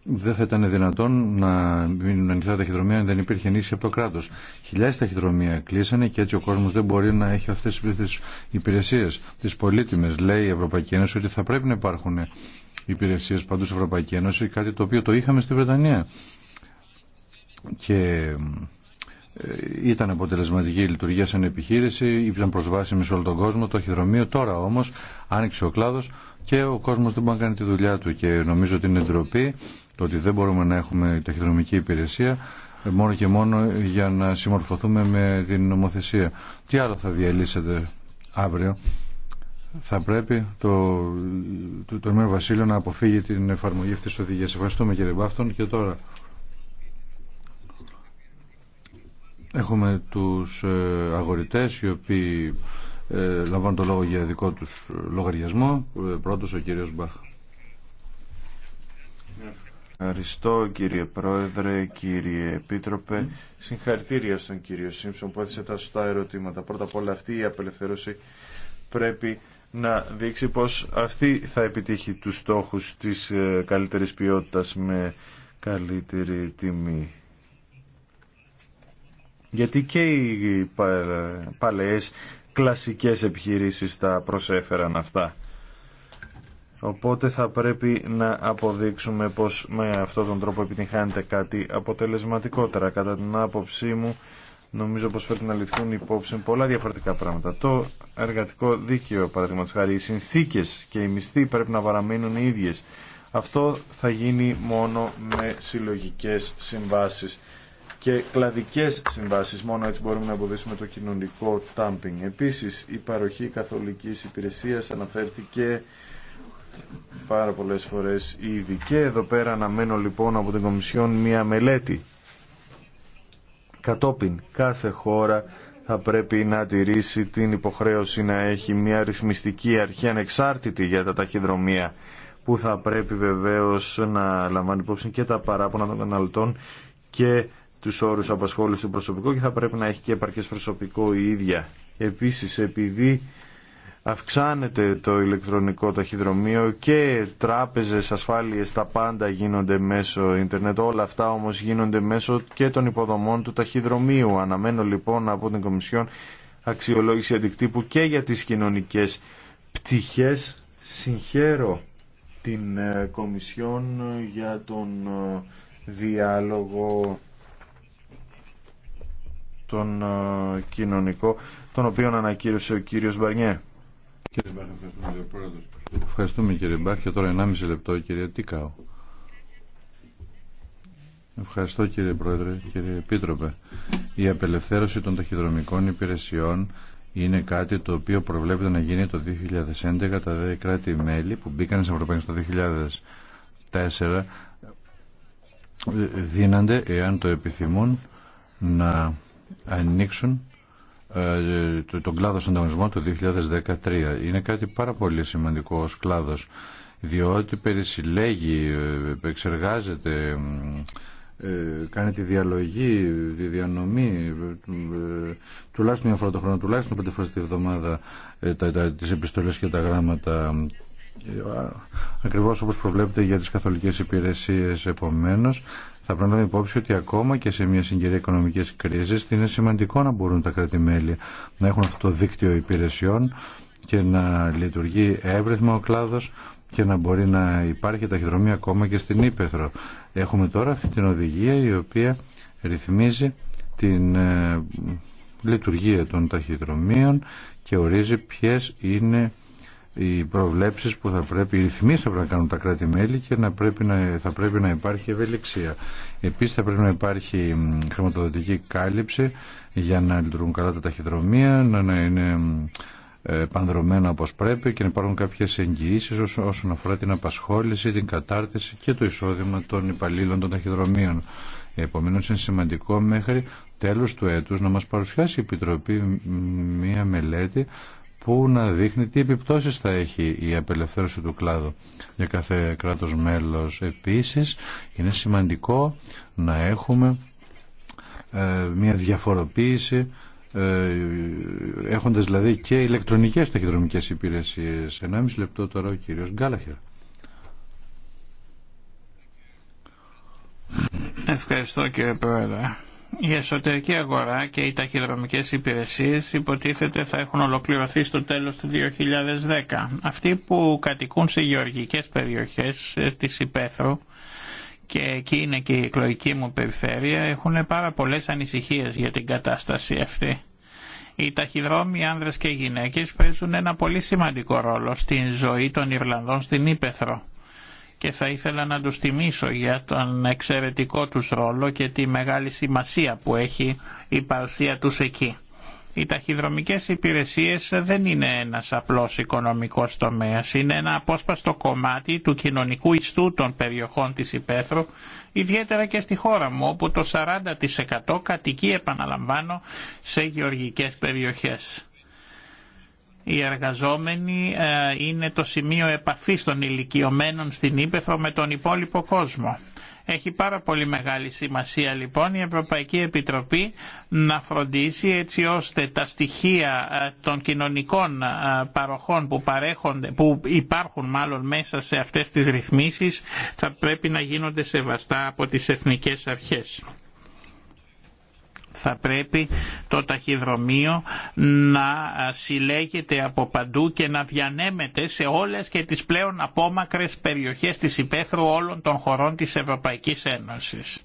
δεν θα ήταν δυνατόν να μείνουν ανοιχτά ταχυδρομεία αν δεν υπήρχε ενίσχυση από το κράτο. Χιλιάδε ταχυδρομεία κλείσανε και έτσι ο κόσμο δεν μπορεί να έχει αυτέ τι υπηρεσίε. Τι πολύτιμε, λέει η Ευρωπαϊκή Ένωση, ότι θα πρέπει να υπάρχουν υπηρεσίε παντού στην Ευρωπαϊκή Ένωση, κάτι το οποίο το είχαμε στη Βρετανία. Και ε, ήταν αποτελεσματική η λειτουργία σαν επιχείρηση, ήταν προσβάσιμη σε όλο τον κόσμο, το αρχιδρομείο Τώρα όμως άνοιξε ο κλάδος και ο κόσμος δεν μπορεί να κάνει τη δουλειά του και νομίζω ότι είναι ντροπή το ότι δεν μπορούμε να έχουμε ταχυδρομική υπηρεσία ε, μόνο και μόνο για να συμμορφωθούμε με την νομοθεσία. Τι άλλο θα διαλύσετε αύριο. Θα πρέπει το, το, το Βασίλειο να αποφύγει την εφαρμογή αυτής της οδηγίας. Ευχαριστούμε κύριε Μπάφτον και τώρα Έχουμε τους ε, αγορητές οι οποίοι ε, λαμβάνουν το λόγο για δικό τους λογαριασμό. Ε, πρώτος ο κύριος Μπαχ. Ευχαριστώ κύριε Πρόεδρε, κύριε Επίτροπε. Συγχαρητήρια στον κύριο Σίμψον που έθεσε τα σωστά ερωτήματα. Πρώτα απ' όλα αυτή η απελευθέρωση πρέπει να δείξει πως αυτή θα επιτύχει τους στόχους της καλύτερης ποιότητας με καλύτερη τιμή. Γιατί και οι παλαιές κλασικές επιχειρήσεις τα προσέφεραν αυτά. Οπότε θα πρέπει να αποδείξουμε πως με αυτόν τον τρόπο επιτυγχάνεται κάτι αποτελεσματικότερα. Κατά την άποψή μου νομίζω πως πρέπει να ληφθούν υπόψη πολλά διαφορετικά πράγματα. Το εργατικό δίκαιο παραδείγματος χάρη, οι συνθήκες και οι μισθοί πρέπει να παραμείνουν οι ίδιες. Αυτό θα γίνει μόνο με συλλογικές συμβάσεις και κλαδικές συμβάσεις. Μόνο έτσι μπορούμε να εμποδίσουμε το κοινωνικό τάμπινγκ. Επίσης, η παροχή καθολικής υπηρεσίας αναφέρθηκε πάρα πολλές φορές ήδη. Και εδώ πέρα αναμένω λοιπόν από την Κομισιόν μία μελέτη. Κατόπιν κάθε χώρα θα πρέπει να τηρήσει την υποχρέωση να έχει μία ρυθμιστική αρχή ανεξάρτητη για τα ταχυδρομεία που θα πρέπει βεβαίως να λαμβάνει υπόψη και τα παράπονα των καταναλωτών και τους όρους απασχόλησης του προσωπικού και θα πρέπει να έχει και επαρκές προσωπικό η ίδια. Επίσης, επειδή αυξάνεται το ηλεκτρονικό ταχυδρομείο και τράπεζες, ασφάλειες, τα πάντα γίνονται μέσω ίντερνετ. Όλα αυτά όμως γίνονται μέσω και των υποδομών του ταχυδρομείου. Αναμένω λοιπόν από την Κομισιόν αξιολόγηση αντικτύπου και για τις κοινωνικές πτυχές. Συγχαίρω την ε, Κομισιόν για τον ε, διάλογο τον ε, κοινωνικό, τον οποίο ανακοίνωσε ο κύριος Μπαρνιέ. Κύριε ευχαριστούμε κύριε κύριε Μπάχ και τώρα 1,5 λεπτό κύριε Τίκαο. Ευχαριστώ κύριε Πρόεδρε, κύριε Επίτροπε. Η απελευθέρωση των ταχυδρομικών υπηρεσιών είναι κάτι το οποίο προβλέπεται να γίνει το 2011 τα δε κράτη-μέλη που μπήκαν σε Ευρωπαϊκή το 2004 ε, δίνανται εάν το επιθυμούν να ανοίξουν ε, τον κλάδο στον ταγωνισμό το 2013. Είναι κάτι πάρα πολύ σημαντικό ως κλάδος, διότι περισυλλέγει, ε, εξεργάζεται, ε, κάνει τη διαλογή, τη διανομή τουλάχιστον μια φορά το χρόνο, τουλάχιστον πέντε φορές τη βδομάδα τα, τα, τις επιστολές και τα γράμματα ακριβώς όπως προβλέπεται για τις καθολικές υπηρεσίες επομένως θα πρέπει να λάβουμε υπόψη ότι ακόμα και σε μια συγκυρία οικονομική κρίση είναι σημαντικό να μπορούν τα κρατημέλη να έχουν αυτό το δίκτυο υπηρεσιών και να λειτουργεί εύρυθμα ο κλάδο και να μπορεί να υπάρχει ταχυδρομή ακόμα και στην Ήπεθρο. Έχουμε τώρα αυτή την οδηγία η οποία ρυθμίζει την ε, λειτουργία των ταχυδρομείων και ορίζει ποιες είναι οι προβλέψεις που θα πρέπει, οι ρυθμίσεις θα πρέπει να κάνουν τα κράτη-μέλη και να πρέπει να, θα πρέπει να υπάρχει ευελιξία. Επίσης θα πρέπει να υπάρχει χρηματοδοτική κάλυψη για να λειτουργούν καλά τα ταχυδρομεία, να, είναι ε, πανδρομένα όπως πρέπει και να υπάρχουν κάποιες εγγυήσεις όσον αφορά την απασχόληση, την κατάρτιση και το εισόδημα των υπαλλήλων των ταχυδρομείων. Επομένως είναι σημαντικό μέχρι τέλος του έτους να μας παρουσιάσει η Επιτροπή μία μελέτη που να δείχνει τι επιπτώσεις θα έχει η απελευθέρωση του κλάδου για κάθε κράτος μέλος. Επίσης, είναι σημαντικό να έχουμε ε, μια διαφοροποίηση ε, έχοντας δηλαδή και ηλεκτρονικές ταχυδρομικές υπηρεσίες. 1,5 λεπτό τώρα ο κύριος Γκάλαχερ. Ευχαριστώ κύριε Πρόεδρε. Η εσωτερική αγορά και οι ταχυδρομικές υπηρεσίες υποτίθεται θα έχουν ολοκληρωθεί στο τέλος του 2010. Αυτοί που κατοικούν σε γεωργικές περιοχές ε, της Υπέθρου και εκεί είναι και η εκλογική μου περιφέρεια έχουν πάρα πολλές ανησυχίες για την κατάσταση αυτή. Οι ταχυδρόμοι άνδρες και γυναίκες παίζουν ένα πολύ σημαντικό ρόλο στην ζωή των Ιρλανδών στην Ήπεθρο και θα ήθελα να τους τιμήσω για τον εξαιρετικό τους ρόλο και τη μεγάλη σημασία που έχει η παρουσία τους εκεί. Οι ταχυδρομικές υπηρεσίες δεν είναι ένας απλός οικονομικός τομέας, είναι ένα απόσπαστο κομμάτι του κοινωνικού ιστού των περιοχών της Υπέθρου, ιδιαίτερα και στη χώρα μου όπου το 40% κατοικεί επαναλαμβάνω σε γεωργικές περιοχές. Οι εργαζόμενοι ε, είναι το σημείο επαφής των ηλικιωμένων στην Ήπεθρο με τον υπόλοιπο κόσμο. Έχει πάρα πολύ μεγάλη σημασία λοιπόν η Ευρωπαϊκή Επιτροπή να φροντίσει έτσι ώστε τα στοιχεία ε, των κοινωνικών ε, παροχών που, παρέχονται, που υπάρχουν μάλλον μέσα σε αυτές τις ρυθμίσεις θα πρέπει να γίνονται σεβαστά από τις εθνικές αρχές θα πρέπει το ταχυδρομείο να συλλέγεται από παντού και να διανέμεται σε όλες και τις πλέον απόμακρες περιοχές της υπαίθρου όλων των χωρών της Ευρωπαϊκής Ένωσης.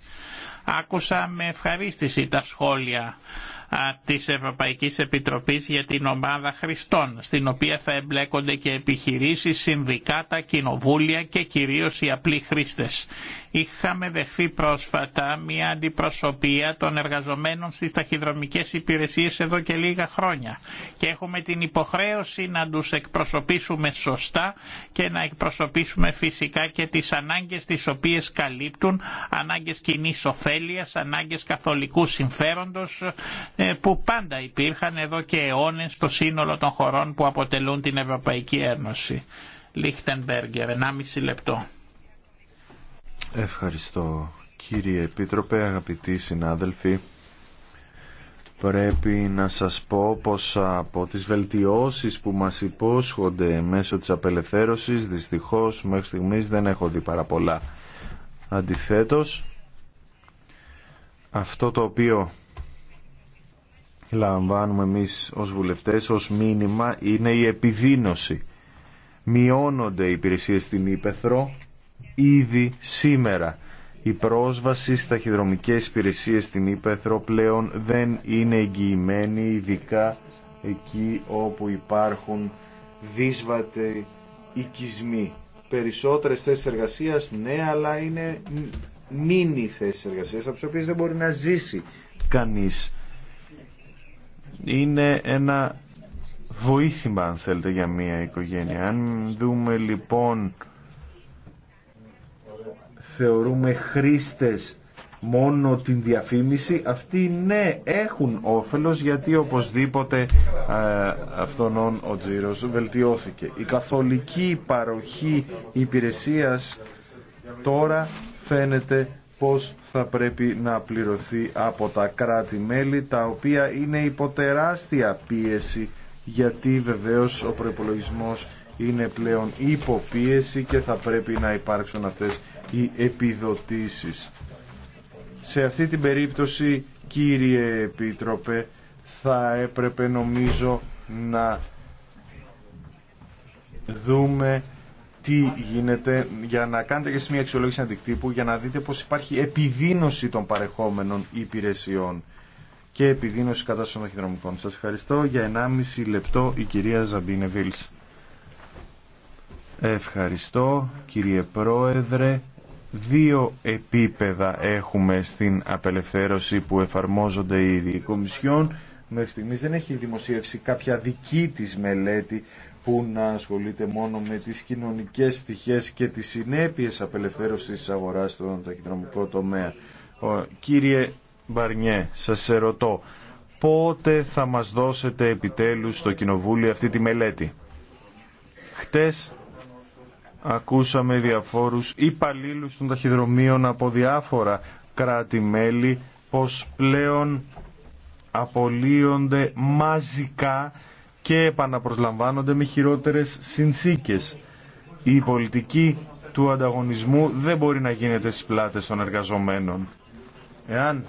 Άκουσα με ευχαρίστηση τα σχόλια της Ευρωπαϊκής Επιτροπής για την Ομάδα Χριστών, στην οποία θα εμπλέκονται και επιχειρήσεις, συνδικάτα, κοινοβούλια και κυρίως οι απλοί χρήστες. Είχαμε δεχθεί πρόσφατα μια αντιπροσωπεία των εργαζομένων στις ταχυδρομικές υπηρεσίες εδώ και λίγα χρόνια και έχουμε την υποχρέωση να τους εκπροσωπήσουμε σωστά και να εκπροσωπήσουμε φυσικά και τις ανάγκες τις οποίες καλύπτουν, ανάγκες κοινή ωφέλεια, ανάγκες καθολικού συμφέροντος, ε, που πάντα υπήρχαν εδώ και αιώνες στο σύνολο των χωρών που αποτελούν την Ευρωπαϊκή Ένωση. Λίχτενμπέργκερ, 1,5 λεπτό. Ευχαριστώ κύριε Επίτροπε, αγαπητοί συνάδελφοι. Πρέπει να σας πω πως από τις βελτιώσεις που μας υπόσχονται μέσω της απελευθέρωσης δυστυχώς μέχρι στιγμής δεν έχω δει πάρα πολλά. Αντιθέτως, αυτό το οποίο λαμβάνουμε εμείς ως βουλευτές ως μήνυμα είναι η επιδίνωση. Μειώνονται οι υπηρεσίες στην Ήπεθρο ήδη σήμερα. Η πρόσβαση στα χειδρομικές υπηρεσίες στην Ήπεθρο πλέον δεν είναι εγγυημένη, ειδικά εκεί όπου υπάρχουν δύσβατε οικισμοί. Περισσότερες θέσεις εργασίας, ναι, αλλά είναι μίνι θέσεις εργασίας, από τις οποίες δεν μπορεί να ζήσει κανείς είναι ένα βοήθημα αν θέλετε για μια οικογένεια. Αν δούμε λοιπόν θεωρούμε χρήστες μόνο την διαφήμιση αυτοί ναι έχουν όφελος γιατί οπωσδήποτε α, αυτόν ο τζίρος βελτιώθηκε η καθολική παροχή υπηρεσίας τώρα φαίνεται πώς θα πρέπει να πληρωθεί από τα κράτη-μέλη τα οποία είναι υπό τεράστια πίεση γιατί βεβαίως ο προϋπολογισμός είναι πλέον υποπίεση και θα πρέπει να υπάρξουν αυτές οι επιδοτήσεις. Σε αυτή την περίπτωση κύριε Επίτροπε θα έπρεπε νομίζω να δούμε τι γίνεται, για να κάνετε και μια αξιολόγηση αντικτύπου, για να δείτε πως υπάρχει επιδείνωση των παρεχόμενων υπηρεσιών και επιδείνωση κατά των οχυδρομικών. Σας ευχαριστώ για 1,5 λεπτό η κυρία Ζαμπίνε Βίλς. Ευχαριστώ κύριε Πρόεδρε. Δύο επίπεδα έχουμε στην απελευθέρωση που εφαρμόζονται ήδη. Η Κομισιόν μέχρι στιγμής δεν έχει δημοσιεύσει κάποια δική της μελέτη που να ασχολείται μόνο με τις κοινωνικές πτυχές και τις συνέπειες απελευθέρωσης της αγοράς στον ταχυδρομικό τομέα. Κύριε Μπαρνιέ, σας ερωτώ, πότε θα μας δώσετε επιτέλους στο Κοινοβούλιο αυτή τη μελέτη. Χτες ακούσαμε διαφόρους υπαλλήλου των ταχυδρομείων από διάφορα κράτη-μέλη πως πλέον απολύονται μαζικά και επαναπροσλαμβάνονται με χειρότερες συνθήκες. Η πολιτική του ανταγωνισμού δεν μπορεί να γίνεται στις πλάτες των εργαζομένων. Εάν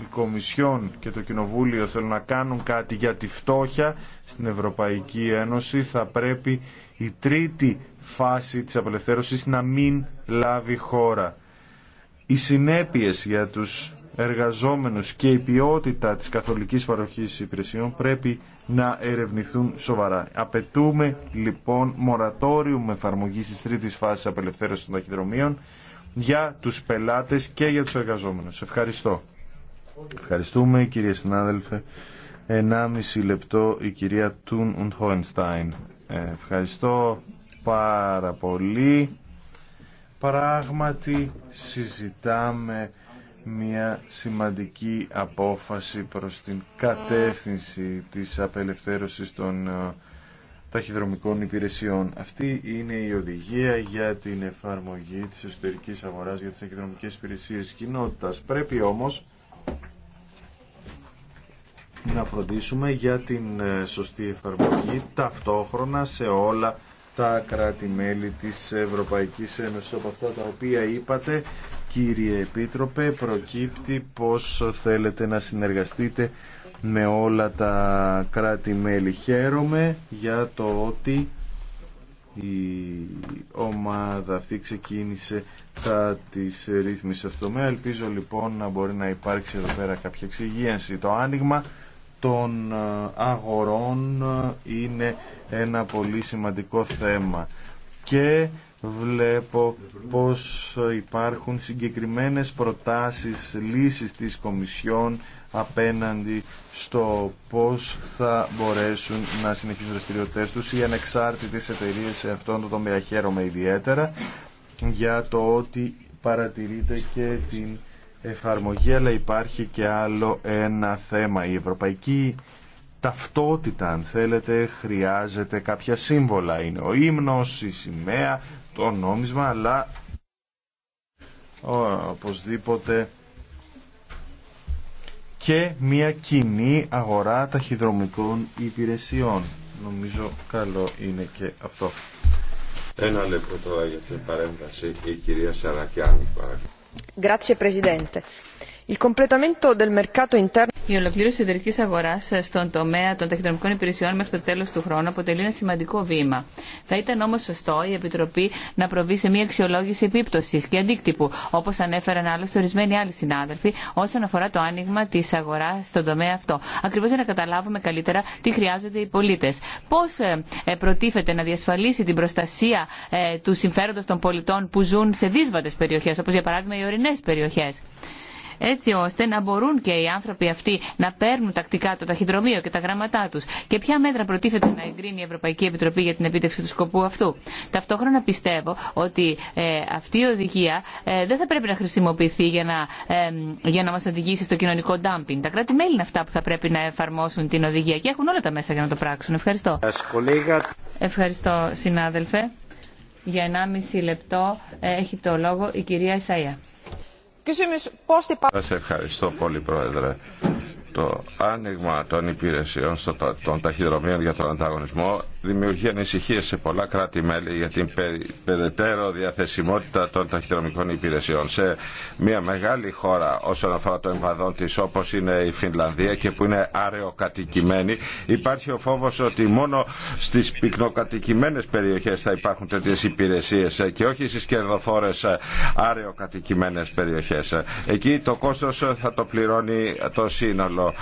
η Κομισιόν και το Κοινοβούλιο θέλουν να κάνουν κάτι για τη φτώχεια στην Ευρωπαϊκή Ένωση θα πρέπει η τρίτη φάση της απελευθέρωσης να μην λάβει χώρα. Οι συνέπειες για τους εργαζόμενους και η ποιότητα της καθολικής παροχής υπηρεσιών πρέπει να ερευνηθούν σοβαρά. Απαιτούμε λοιπόν με εφαρμογή της τρίτη φάση απελευθέρωση των ταχυδρομείων για του πελάτε και για του εργαζόμενου. Ευχαριστώ. Ευχαριστούμε κύριε συνάδελφε. 1,5 λεπτό η κυρία Τούν Ουντ Ευχαριστώ Ευχαριστώ πάρα πολύ. Πράγματι συζητάμε μια σημαντική απόφαση προς την κατεύθυνση της απελευθέρωσης των ε, ταχυδρομικών υπηρεσιών. Αυτή είναι η οδηγία για την εφαρμογή της εσωτερικής αγοράς για τις ταχυδρομικές υπηρεσίες κοινότητας. Πρέπει όμως να φροντίσουμε για την ε, σωστή εφαρμογή ταυτόχρονα σε όλα τα κράτη-μέλη της Ευρωπαϊκής Ένωσης από αυτά τα οποία είπατε κύριε Επίτροπε, προκύπτει πώς θέλετε να συνεργαστείτε με όλα τα κράτη-μέλη. Χαίρομαι για το ότι η ομάδα αυτή ξεκίνησε τα της ρύθμισης αυτομέα. Ελπίζω λοιπόν να μπορεί να υπάρξει εδώ πέρα κάποια εξυγίανση. Το άνοιγμα των αγορών είναι ένα πολύ σημαντικό θέμα και βλέπω πως υπάρχουν συγκεκριμένες προτάσεις, λύσεις της Κομισιόν απέναντι στο πώς θα μπορέσουν να συνεχίσουν δραστηριότητε τους οι ανεξάρτητες εταιρείες σε αυτόν τον τομέα. Χαίρομαι ιδιαίτερα για το ότι παρατηρείται και την εφαρμογή, αλλά υπάρχει και άλλο ένα θέμα. Η Ευρωπαϊκή ταυτότητα αν θέλετε χρειάζεται κάποια σύμβολα είναι ο ύμνος, η σημαία το νόμισμα αλλά ο, οπωσδήποτε και μια κοινή αγορά ταχυδρομικών υπηρεσιών νομίζω καλό είναι και αυτό ένα λεπτό για την παρέμβαση η κυρία Σαρακιάνη παρακαλώ η ολοκλήρωση τη εταιρική αγορά στον τομέα των ταχυδρομικών υπηρεσιών μέχρι το τέλο του χρόνου αποτελεί ένα σημαντικό βήμα. Θα ήταν όμω σωστό η Επιτροπή να προβεί σε μια αξιολόγηση επίπτωση και αντίκτυπου, όπω ανέφεραν άλλωστε ορισμένοι άλλοι συνάδελφοι, όσον αφορά το άνοιγμα τη αγορά στον τομέα αυτό. Ακριβώ για να καταλάβουμε καλύτερα τι χρειάζονται οι πολίτε. Πώ ε, ε, προτίθεται να διασφαλίσει την προστασία ε, του συμφέροντο των πολιτών που ζουν σε δύσβατε περιοχέ, όπω για παράδειγμα οι ορεινέ περιοχέ έτσι ώστε να μπορούν και οι άνθρωποι αυτοί να παίρνουν τακτικά το ταχυδρομείο και τα γράμματά του. Και ποια μέτρα προτίθεται να εγκρίνει η Ευρωπαϊκή Επιτροπή για την επίτευξη του σκοπού αυτού. Ταυτόχρονα πιστεύω ότι ε, αυτή η οδηγία ε, δεν θα πρέπει να χρησιμοποιηθεί για να, ε, για να μα οδηγήσει στο κοινωνικό ντάμπινγκ. Τα κράτη-μέλη είναι αυτά που θα πρέπει να εφαρμόσουν την οδηγία και έχουν όλα τα μέσα για να το πράξουν. Ευχαριστώ. Ευχαριστώ, συνάδελφε. Για 1,5 λεπτό ε, έχει το λόγο η κυρία Ισαΐα. Σας ευχαριστώ πολύ, Πρόεδρε το άνοιγμα των υπηρεσιών των ταχυδρομείων για τον ανταγωνισμό δημιουργεί ανησυχίες σε πολλά κράτη-μέλη για την περαιτέρω διαθεσιμότητα των ταχυδρομικών υπηρεσιών σε μια μεγάλη χώρα όσον αφορά το εμβαδόν της όπως είναι η Φινλανδία και που είναι αραιοκατοικημένη υπάρχει ο φόβος ότι μόνο στις πυκνοκατοικημένες περιοχές θα υπάρχουν τέτοιες υπηρεσίες και όχι στις κερδοφόρες αραιοκατοικημένες περιοχές. Εκεί το κόστος θα το πληρώνει το σύνολο.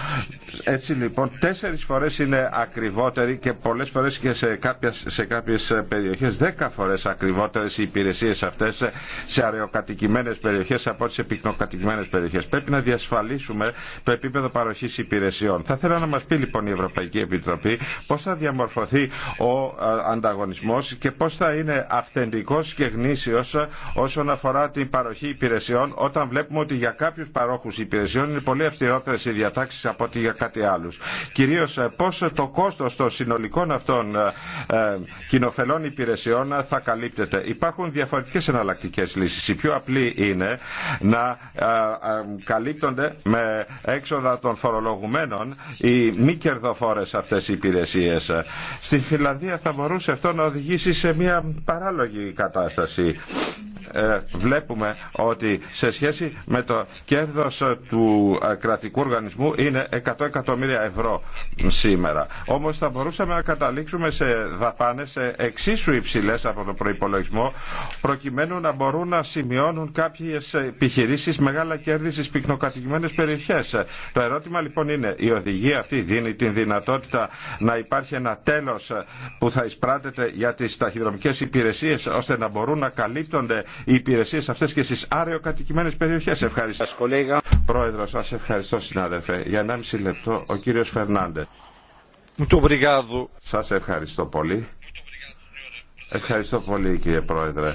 Έτσι λοιπόν τέσσερις φορές είναι ακριβότερη και πολλές φορές και σε κάποιες, σε κάποιες περιοχές δέκα φορές ακριβότερες οι υπηρεσίες αυτές σε αραιοκατοικημένες περιοχές από τις επικνοκατοικημένες περιοχές. Πρέπει να διασφαλίσουμε το επίπεδο παροχής υπηρεσιών. Θα ήθελα να μας πει λοιπόν η Ευρωπαϊκή Επιτροπή πώς θα διαμορφωθεί ο ανταγωνισμός και πώς θα είναι αυθεντικός και γνήσιος όσον αφορά την παροχή υπηρεσιών όταν βλέπουμε ότι για κάποιους παρόχους υπηρεσιών είναι πολύ αυστηρότερες οι διατάξεις από ότι για κάτι άλλους. Κυρίως ε, πώς το κόστος των συνολικών αυτών ε, ε, κοινοφελών υπηρεσιών θα καλύπτεται. Υπάρχουν διαφορετικές εναλλακτικές λύσεις. Η πιο απλή είναι να ε, καλύπτονται με έξοδα των φορολογουμένων οι μη κερδοφόρες αυτές οι υπηρεσίες. Στη Φιλανδία θα μπορούσε αυτό να οδηγήσει σε μια παράλογη κατάσταση. Βλέπουμε ότι σε σχέση με το κέρδος του κρατικού οργανισμού είναι 100 εκατομμύρια ευρώ σήμερα. Όμως θα μπορούσαμε να καταλήξουμε σε δαπάνες εξίσου υψηλές από το προϋπολογισμό προκειμένου να μπορούν να σημειώνουν κάποιες επιχειρήσεις μεγάλα κέρδη στις πυκνοκατοικημένες περιοχές. Το ερώτημα λοιπόν είναι η οδηγία αυτή δίνει την δυνατότητα να υπάρχει ένα τέλος που θα εισπράτεται για τις ταχυδρομικές υπηρεσίες ώστε να μπορούν να καλύπτονται οι υπηρεσίες αυτές και στις άρεο κατοικημένες περιοχές. Ευχαριστώ. Πρόεδρο, σας ευχαριστώ συνάδελφε. Για 1,5 λεπτό ο κύριος Φερνάντε. Σας ευχαριστώ πολύ. Ευχαριστώ πολύ κύριε Πρόεδρε.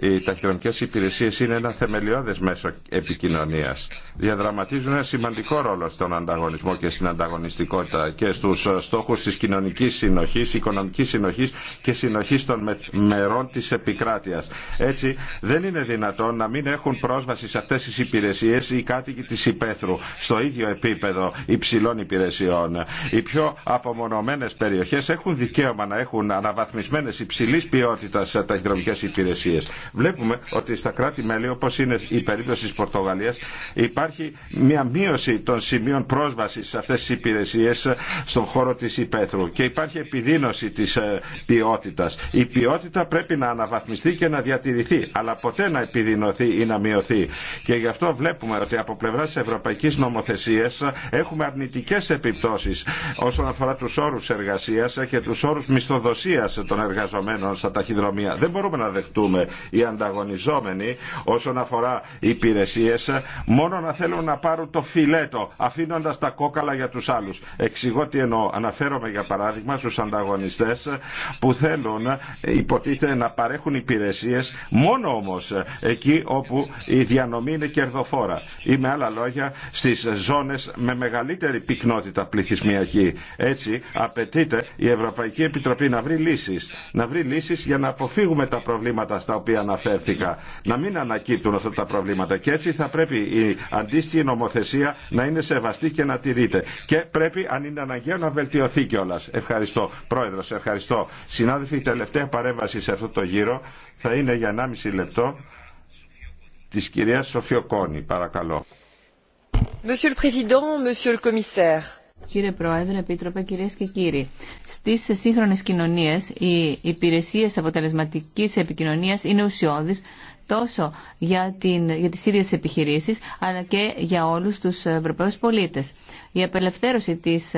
Οι ταχυδρομικέ υπηρεσίε είναι ένα θεμελιώδε μέσο επικοινωνία. Διαδραματίζουν ένα σημαντικό ρόλο στον ανταγωνισμό και στην ανταγωνιστικότητα και στου στόχου τη κοινωνική συνοχή, οικονομική συνοχή και συνοχή των μερών τη επικράτειας. Έτσι δεν είναι δυνατόν να μην έχουν πρόσβαση σε αυτέ τι υπηρεσίε οι κάτοικοι τη υπαίθρου στο ίδιο επίπεδο υψηλών υπηρεσιών. Οι πιο απομονωμένε περιοχέ έχουν δικαίωμα να έχουν αναβαθμισμένε υψηλή ποιότητα ταχυδρομικέ υπηρεσίε. Βλέπουμε ότι στα κράτη-μέλη, όπω είναι η περίπτωση τη Πορτογαλία, υπάρχει μια μείωση των σημείων πρόσβαση σε αυτέ τι υπηρεσίε στον χώρο τη υπαίθρου και υπάρχει επιδείνωση τη ε, ποιότητα. Η ποιότητα πρέπει να αναβαθμιστεί και να διατηρηθεί, αλλά ποτέ να επιδεινωθεί ή να μειωθεί. Και γι' αυτό βλέπουμε ότι από πλευρά τη Ευρωπαϊκή Νομοθεσία έχουμε αρνητικέ επιπτώσει όσον αφορά του όρου εργασία και του όρου μισθοδοσία των εργαζομένων στα ταχυδρομεία. Δεν μπορούμε να δεχτούμε οι ανταγωνιζόμενοι όσον αφορά υπηρεσίε, μόνο να θέλουν να πάρουν το φιλέτο αφήνοντα τα κόκαλα για του άλλου. Εξηγώ τι εννοώ. Αναφέρομαι για παράδειγμα στου ανταγωνιστέ που θέλουν υποτίθεται να παρέχουν υπηρεσίε, μόνο όμω, εκεί όπου η διανομή είναι κερδοφόρα ή με άλλα λόγια στις ζώνες με μεγαλύτερη πυκνότητα πληθυσμιακή. Έτσι απαιτείται η με αλλα λογια στι ζωνε με μεγαλυτερη Επιτροπή να βρει λύσει να βρει λύσει για να αποφύγουμε τα προβλήματα στα οποία αναφέρθηκα. Να μην ανακύπτουν αυτά τα προβλήματα. Και έτσι θα πρέπει η αντίστοιχη νομοθεσία να είναι σεβαστή και να τηρείται. Και πρέπει, αν είναι αναγκαίο, να βελτιωθεί κιόλα. Ευχαριστώ. Πρόεδρο, ευχαριστώ. Συνάδελφοι, η τελευταία παρέμβαση σε αυτό το γύρο θα είναι για 1,5 λεπτό τη κυρία Σοφιοκόνη. Παρακαλώ. Monsieur le Président, Monsieur le Commissaire. Κύριε Πρόεδρε, Επίτροπε, κυρίε και κύριοι. Στι σύγχρονε κοινωνίε, οι υπηρεσίε αποτελεσματική επικοινωνία είναι ουσιώδει τόσο για, την, για τις ίδιες επιχειρήσεις αλλά και για όλους τους Ευρωπαίους πολίτες. Η απελευθέρωση της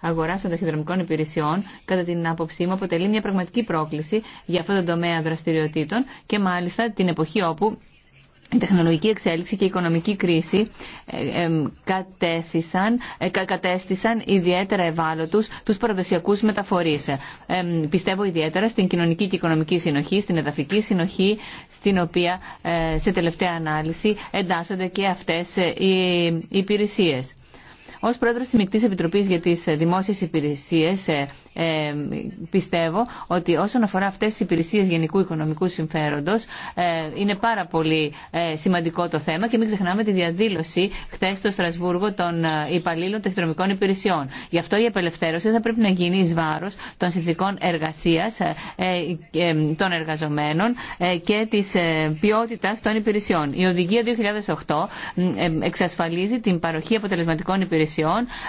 αγοράς των ταχυδρομικών υπηρεσιών κατά την άποψή μου αποτελεί μια πραγματική πρόκληση για αυτό τον τομέα δραστηριοτήτων και μάλιστα την εποχή όπου η τεχνολογική εξέλιξη και η οικονομική κρίση ε, ε, κατέστησαν ιδιαίτερα ευάλωτους τους παραδοσιακούς μεταφορείς. πιστεύω ιδιαίτερα στην κοινωνική και οικονομική συνοχή, στην εδαφική συνοχή, στην οποία ε, σε τελευταία ανάλυση εντάσσονται και αυτές οι υπηρεσίες. Ω πρόεδρο τη Μικτή Επιτροπή για τι ε, Δημόσιε Υπηρεσίε, ε, ε, πιστεύω ότι όσον αφορά αυτέ τι υπηρεσίε γενικού οικονομικού συμφέροντο, είναι πάρα πολύ σημαντικό το θέμα και μην ξεχνάμε τη διαδήλωση χθε στο Στρασβούργο των υπαλλήλων τεχνικών υπηρεσιών. Γι' αυτό η απελευθέρωση θα πρέπει να γίνει ει βάρο των συνθηκών εργασία των εργαζομένων και τη ποιότητα των υπηρεσιών. Η Οδηγία 2008 εξασφαλίζει την παροχή αποτελεσματικών υπηρεσιών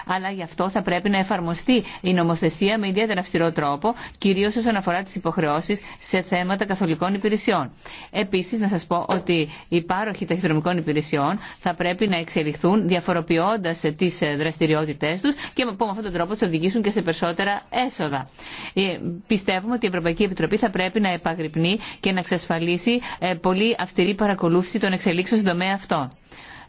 αλλά γι' αυτό θα πρέπει να εφαρμοστεί η νομοθεσία με ιδιαίτερα αυστηρό τρόπο, κυρίω όσον αφορά τι υποχρεώσει σε θέματα καθολικών υπηρεσιών. Επίση, να σα πω ότι οι πάροχοι ταχυδρομικών υπηρεσιών θα πρέπει να εξελιχθούν διαφοροποιώντα τι δραστηριότητέ του και με αυτόν τον τρόπο του οδηγήσουν και σε περισσότερα έσοδα. Ε, πιστεύουμε ότι η Ευρωπαϊκή Επιτροπή θα πρέπει να επαγρυπνεί και να εξασφαλίσει ε, πολύ αυστηρή παρακολούθηση των εξελίξεων στον τομέα αυτό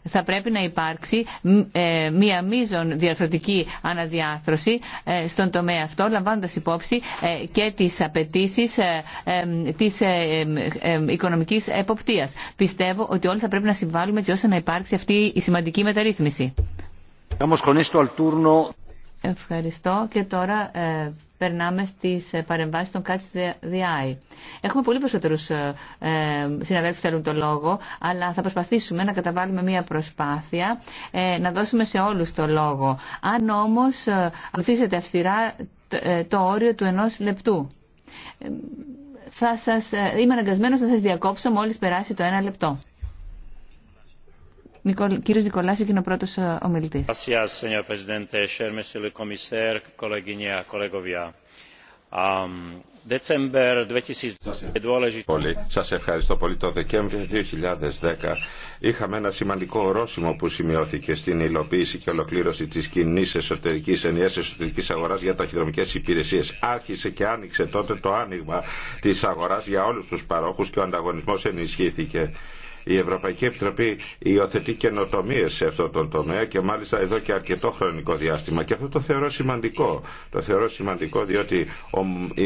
θα πρέπει να υπάρξει ε, μία μείζον διαρθρωτική αναδιάρθρωση ε, στον τομέα αυτό, λαμβάνοντας υπόψη ε, και τις απαιτήσει της οικονομικής εποπτείας. Πιστεύω ότι όλοι θα πρέπει να συμβάλλουμε έτσι ώστε να υπάρξει αυτή η σημαντική μεταρρύθμιση. Ευχαριστώ και τώρα περνάμε στι ε, παρεμβάσει των Catch the Eye. Έχουμε πολύ περισσότερου ε, ε, συναδέλφου που θέλουν το λόγο, αλλά θα προσπαθήσουμε να καταβάλουμε μία προσπάθεια να δώσουμε σε όλου το λόγο. Αν όμω ακολουθήσετε αυστηρά το όριο του ενό λεπτού. Θα σας, είμαι αναγκασμένος να σας διακόψω μόλις περάσει το ένα λεπτό. Κύριος Νικολάς είναι ο πρώτος ε, ομιλητής. Um, Σα ευχαριστώ πολύ. Το Δεκέμβριο 2010 είχαμε ένα σημαντικό ορόσημο που σημειώθηκε στην υλοποίηση και ολοκλήρωση τη κοινή εσωτερική ενιαία εσωτερική αγορά για ταχυδρομικέ υπηρεσίε. Άρχισε και άνοιξε τότε το άνοιγμα τη αγορά για όλου του παρόχου και ο ανταγωνισμό ενισχύθηκε η Ευρωπαϊκή Επιτροπή υιοθετεί καινοτομίε σε αυτό το τομέα και μάλιστα εδώ και αρκετό χρονικό διάστημα. Και αυτό το θεωρώ σημαντικό. Το θεωρώ σημαντικό διότι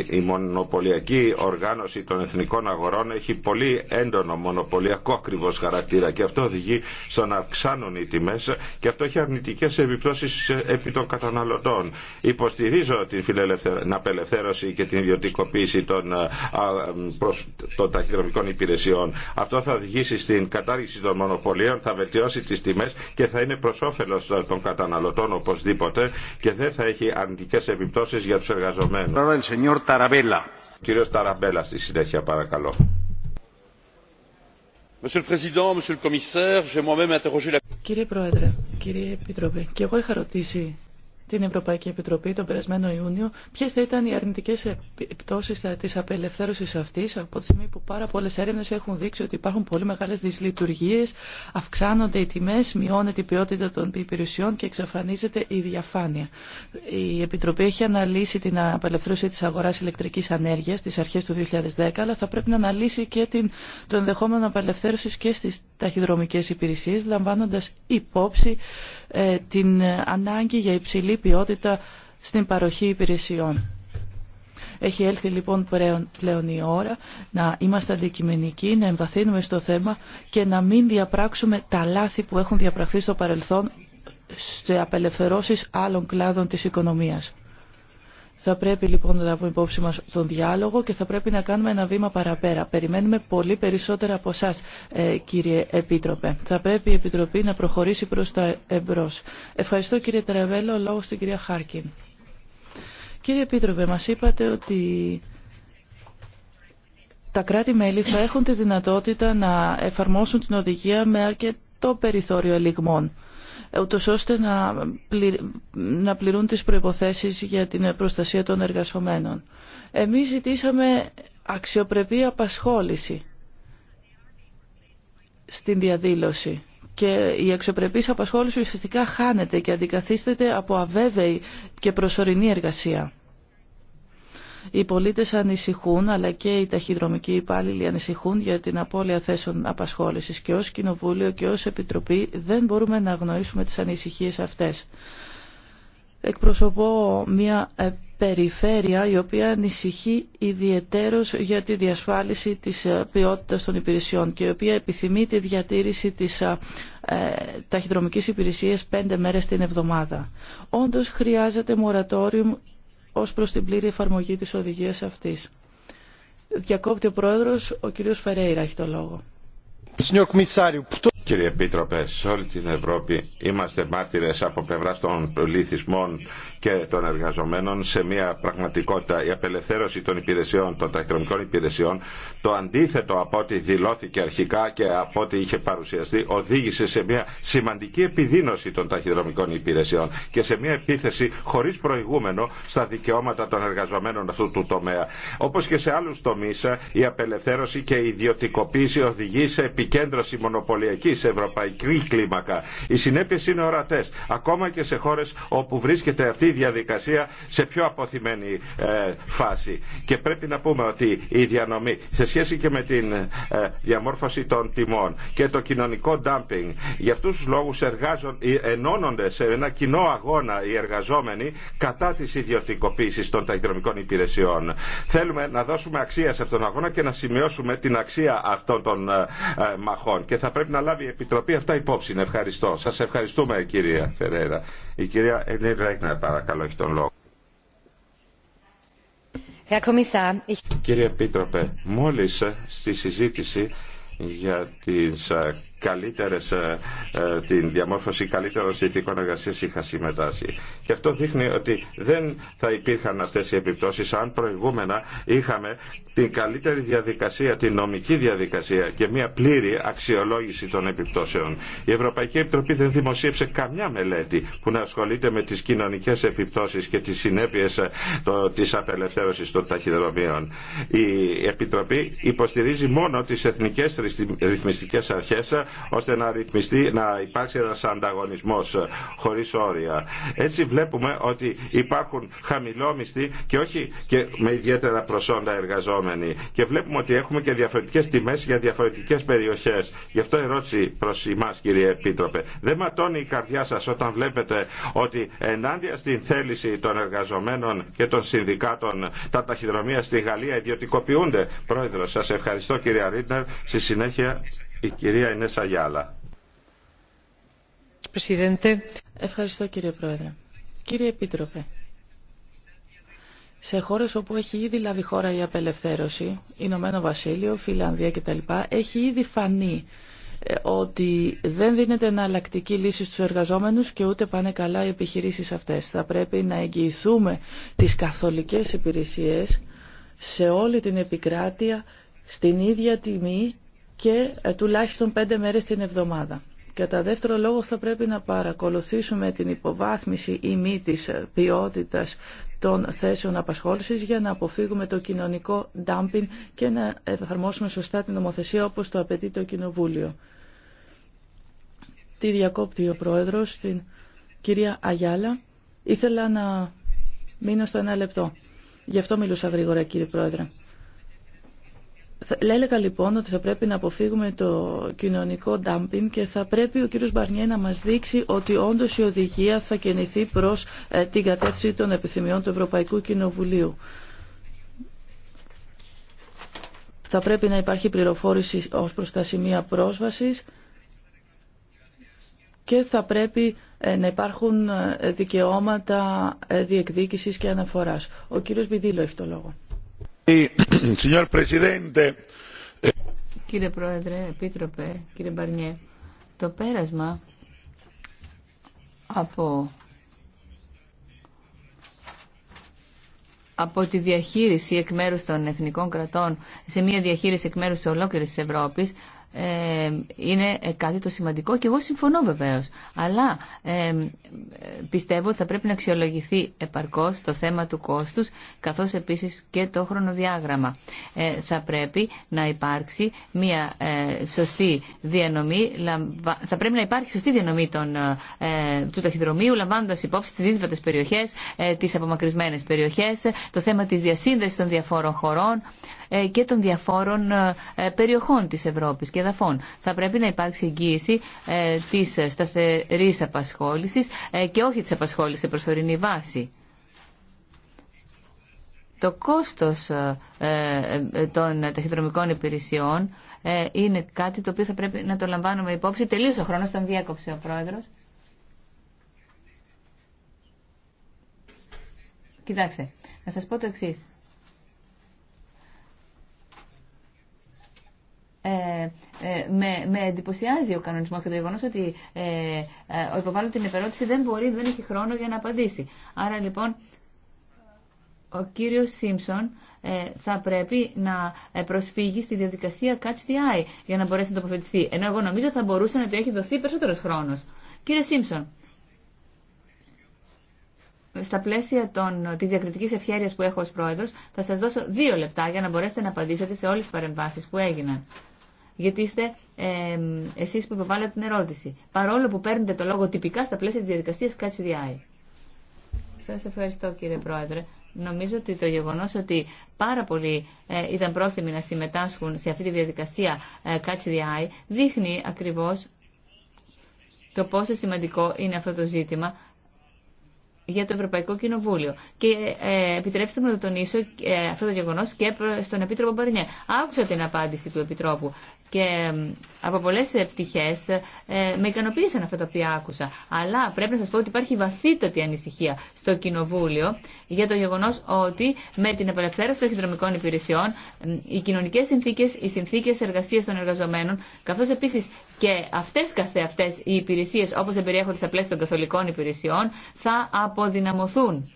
η μονοπωλιακή οργάνωση των εθνικών αγορών έχει πολύ έντονο μονοπωλιακό ακριβώ χαρακτήρα και αυτό οδηγεί στο να αυξάνουν οι τιμέ και αυτό έχει αρνητικέ επιπτώσει επί των καταναλωτών. Υποστηρίζω την, απελευθέρωση και την ιδιωτικοποίηση των, ε, ε, των ταχυδρομικών υπηρεσιών. Αυτό θα οδηγήσει στην κατάργηση των μονοπωλίων, θα βελτιώσει τις τιμές και θα είναι προς όφελος των καταναλωτών οπωσδήποτε και δεν θα έχει αρνητικές επιπτώσεις για τους εργαζομένους. Ο Ταραμπέλα στη συνέχεια παρακαλώ. Κύριε Πρόεδρε, κύριε Επίτροπε, και εγώ είχα ρωτήσει την Ευρωπαϊκή Επιτροπή τον περασμένο Ιούνιο ποιε θα ήταν οι αρνητικέ επιπτώσει τη απελευθέρωση αυτή από τη στιγμή που πάρα πολλέ έρευνε έχουν δείξει ότι υπάρχουν πολύ μεγάλε δυσλειτουργίε, αυξάνονται οι τιμέ, μειώνεται η ποιότητα των υπηρεσιών και εξαφανίζεται η διαφάνεια. Η Επιτροπή έχει αναλύσει την απελευθέρωση τη αγορά ηλεκτρική ανέργεια στι αρχέ του 2010, αλλά θα πρέπει να αναλύσει και την, το ενδεχόμενο απελευθέρωση και στι ταχυδρομικέ υπηρεσίε, λαμβάνοντα υπόψη ε, την ανάγκη για υψηλή ποιότητα στην παροχή υπηρεσιών. Έχει έλθει λοιπόν πλέον η ώρα να είμαστε αντικειμενικοί, να εμβαθύνουμε στο θέμα και να μην διαπράξουμε τα λάθη που έχουν διαπραχθεί στο παρελθόν σε απελευθερώσεις άλλων κλάδων της οικονομίας. Θα πρέπει λοιπόν να λάβουμε υπόψη μας τον διάλογο και θα πρέπει να κάνουμε ένα βήμα παραπέρα. Περιμένουμε πολύ περισσότερα από εσά, ε, κύριε Επίτροπε. Θα πρέπει η Επιτροπή να προχωρήσει προς τα εμπρός. Ευχαριστώ κύριε Τραβέλο, λόγο στην κυρία Χάρκιν. Κύριε Επίτροπε, μας είπατε ότι τα κράτη-μέλη θα έχουν τη δυνατότητα να εφαρμόσουν την οδηγία με αρκετό περιθώριο ελιγμών ούτως ώστε να, να πληρούν τις προϋποθέσεις για την προστασία των εργασομένων. Εμείς ζητήσαμε αξιοπρεπή απασχόληση στην διαδήλωση και η αξιοπρεπής απασχόληση ουσιαστικά χάνεται και αντικαθίσταται από αβέβαιη και προσωρινή εργασία. Οι πολίτες ανησυχούν, αλλά και οι ταχυδρομικοί υπάλληλοι ανησυχούν για την απώλεια θέσεων απασχόλησης και ως Κοινοβούλιο και ως Επιτροπή δεν μπορούμε να αγνοήσουμε τις ανησυχίες αυτές. Εκπροσωπώ μια ε, περιφέρεια η οποία ανησυχεί ιδιαιτέρως για τη διασφάλιση της ε, ποιότητας των υπηρεσιών και η οποία επιθυμεί τη διατήρηση της ε, ταχυδρομικής υπηρεσίας πέντε μέρες την εβδομάδα. Όντως χρειάζεται μορατόριο ως προς την πλήρη εφαρμογή της οδηγίας αυτής. Διακόπτει ο Πρόεδρος, ο κύριος Φεραίρα έχει το λόγο. Κύριε Επίτροπε, σε όλη την Ευρώπη είμαστε μάρτυρες από πλευρά των πληθυσμών και των εργαζομένων σε μια πραγματικότητα. Η απελευθέρωση των υπηρεσιών, των ταχυδρομικών υπηρεσιών, το αντίθετο από ό,τι δηλώθηκε αρχικά και από ό,τι είχε παρουσιαστεί, οδήγησε σε μια σημαντική επιδείνωση των ταχυδρομικών υπηρεσιών και σε μια επίθεση χωρί προηγούμενο στα δικαιώματα των εργαζομένων αυτού του τομέα. Όπω και σε άλλου τομεί, η απελευθέρωση και η ιδιωτικοποίηση οδηγεί σε επικέντρωση μονοπωλιακή σε ευρωπαϊκή κλίμακα. Οι συνέπειε είναι ορατέ, Ακόμα και σε χώρε όπου βρίσκεται αυτή η διαδικασία σε πιο αποθυμένη ε, φάση. Και πρέπει να πούμε ότι η διανομή σε σχέση και με την ε, διαμόρφωση των τιμών και το κοινωνικό dumping, για αυτού του λόγου ε, ενώνονται σε ένα κοινό αγώνα οι εργαζόμενοι κατά τη ιδιωτικοποίηση των ταχυδρομικών υπηρεσιών. Θέλουμε να δώσουμε αξία σε αυτόν τον αγώνα και να σημειώσουμε την αξία αυτών των μαχών. Και θα πρέπει να λάβει η Επιτροπή αυτά υπόψη. Ευχαριστώ. Σας ευχαριστούμε κυρία Φερέρα. Η κυρία Ελίν Ρέγνερ παρακαλώ έχει τον λόγο. Κύριε Επίτροπε, μόλις ε, στη συζήτηση για τις ε, καλύτερες, ε, την διαμόρφωση καλύτερων συνθήκων εργασία είχα συμμετάσχει. Και αυτό δείχνει ότι δεν θα υπήρχαν αυτές οι επιπτώσεις αν προηγούμενα είχαμε την καλύτερη διαδικασία, την νομική διαδικασία και μια πλήρη αξιολόγηση των επιπτώσεων. Η Ευρωπαϊκή Επιτροπή δεν δημοσίευσε καμιά μελέτη που να ασχολείται με τις κοινωνικές επιπτώσεις και τις συνέπειες ε, της απελευθέρωσης των ταχυδρομείων. Η Επιτροπή υποστηρίζει μόνο τις εθνικές ρυθμιστικές αρχές ε, ώστε να, να υπάρξει ένας ανταγωνισμός ε, χωρίς όρια. Έτσι βλέπουμε ότι υπάρχουν χαμηλόμιστοι και όχι και με ιδιαίτερα προσόντα εργαζόμενοι. Και βλέπουμε ότι έχουμε και διαφορετικέ τιμέ για διαφορετικέ περιοχέ. Γι' αυτό ερώτηση προ εμά, κύριε Επίτροπε. Δεν ματώνει η καρδιά σα όταν βλέπετε ότι ενάντια στην θέληση των εργαζομένων και των συνδικάτων τα ταχυδρομεία στη Γαλλία ιδιωτικοποιούνται. Πρόεδρο, σα ευχαριστώ κύριε Ρίτνερ. Στη συνέχεια η κυρία Ινέσα Γιάλα. Ευχαριστώ κύριε Πρόεδρε. Κύριε Επίτροπε, σε χώρε όπου έχει ήδη λάβει χώρα η απελευθέρωση, Ηνωμένο Βασίλειο, Φιλανδία κτλ, έχει ήδη φανεί ε, ότι δεν δίνεται εναλλακτική λύση στους εργαζόμενους και ούτε πάνε καλά οι επιχειρήσεις αυτές. Θα πρέπει να εγγυηθούμε τις καθολικές υπηρεσίες σε όλη την επικράτεια στην ίδια τιμή και ε, τουλάχιστον πέντε μέρες την εβδομάδα. Κατά δεύτερο λόγο θα πρέπει να παρακολουθήσουμε την υποβάθμιση ή μη της ποιότητας των θέσεων απασχόλησης για να αποφύγουμε το κοινωνικό dumping και να εφαρμόσουμε σωστά την νομοθεσία όπως το απαιτεί το Κοινοβούλιο. Τη διακόπτει ο Πρόεδρος, την κυρία Αγιάλα. Ήθελα να μείνω στο ένα λεπτό. Γι' αυτό μιλούσα γρήγορα κύριε Πρόεδρε. Λέλεγα λοιπόν ότι θα πρέπει να αποφύγουμε το κοινωνικό ντάμπινγκ και θα πρέπει ο κύριος Μπαρνιέ να μας δείξει ότι όντως η οδηγία θα κινηθεί προς ε, την κατεύθυνση των επιθυμιών του Ευρωπαϊκού Κοινοβουλίου. Θα πρέπει να υπάρχει πληροφόρηση ως προς τα σημεία πρόσβασης και θα πρέπει ε, να υπάρχουν ε, δικαιώματα διεκδίκησης και αναφοράς. Ο κύριος Μπιδήλο έχει το λόγο. Ε, κύριε Πρόεδρε, Επίτροπε, κύριε Μπαρνιέ, το πέρασμα από, τη διαχείριση εκ μέρους των εθνικών κρατών σε μια διαχείριση εκ μέρους της ολόκληρης της Ευρώπης ε, είναι ε, κάτι το σημαντικό και εγώ συμφωνώ βεβαίως. Αλλά ε, πιστεύω ότι θα πρέπει να αξιολογηθεί επαρκώς το θέμα του κόστους καθώς επίσης και το χρονοδιάγραμμα. Ε, θα πρέπει να υπάρξει μια σωστή διανομή, θα πρέπει να υπάρχει σωστή διανομή των, του ταχυδρομείου λαμβάνοντας υπόψη τις δύσβατες περιοχές, τις απομακρυσμένες περιοχές, το θέμα της διασύνδεσης των διαφόρων χωρών και των διαφόρων περιοχών της Ευρώπης θα πρέπει να υπάρξει εγγύηση ε, της σταθερής απασχόλησης ε, και όχι της απασχόλησης σε προσωρινή βάση. Το κόστος ε, ε, των ταχυδρομικών υπηρεσιών είναι κάτι το οποίο θα πρέπει να το λαμβάνουμε υπόψη. Τελείωσε ο χρόνος, τον διάκοψε ο Πρόεδρος. Κοιτάξτε, να σας πω το εξής. Ε, ε, με, με εντυπωσιάζει ο κανονισμό και το γεγονό ότι ε, ε ο υποβάλλον την επερώτηση δεν μπορεί, δεν έχει χρόνο για να απαντήσει. Άρα λοιπόν ο κύριο Σίμψον ε, θα πρέπει να προσφύγει στη διαδικασία catch the eye για να μπορέσει να τοποθετηθεί. Ενώ εγώ νομίζω θα μπορούσε να του έχει δοθεί περισσότερο χρόνο. Κύριε Σίμψον, στα πλαίσια των, της διακριτικής ευχέρειας που έχω ως πρόεδρος, θα σας δώσω δύο λεπτά για να μπορέσετε να απαντήσετε σε όλες τις παρεμβάσεις που έγιναν γιατί είστε ε, εσείς που υποβάλλετε την ερώτηση. Παρόλο που παίρνετε το λόγο τυπικά στα πλαίσια της διαδικασίας Catch the Eye. Σας ευχαριστώ κύριε Πρόεδρε. Νομίζω ότι το γεγονό ότι πάρα πολλοί ε, ήταν πρόθυμοι να συμμετάσχουν σε αυτή τη διαδικασία ε, Catch the Eye δείχνει ακριβώ το πόσο σημαντικό είναι αυτό το ζήτημα για το Ευρωπαϊκό Κοινοβούλιο. Και ε, επιτρέψτε μου να τονίσω ε, αυτό το γεγονό και στον Επίτροπο Μπαρνιέ. Άκουσα την απάντηση του Επιτρόπου και ε, από πολλέ πτυχέ ε, με ικανοποίησαν αυτά τα οποία άκουσα. Αλλά πρέπει να σα πω ότι υπάρχει βαθύτατη ανησυχία στο Κοινοβούλιο για το γεγονό ότι με την απελευθέρωση των χειδρομικών υπηρεσιών οι κοινωνικέ συνθήκε, οι συνθήκε εργασία των εργαζομένων, καθώ επίση και αυτέ καθεαυτέ οι υπηρεσίε όπω εμπεριέχονται στα πλαίσια των καθολικών υπηρεσιών, θα απο αποδυναμωθούν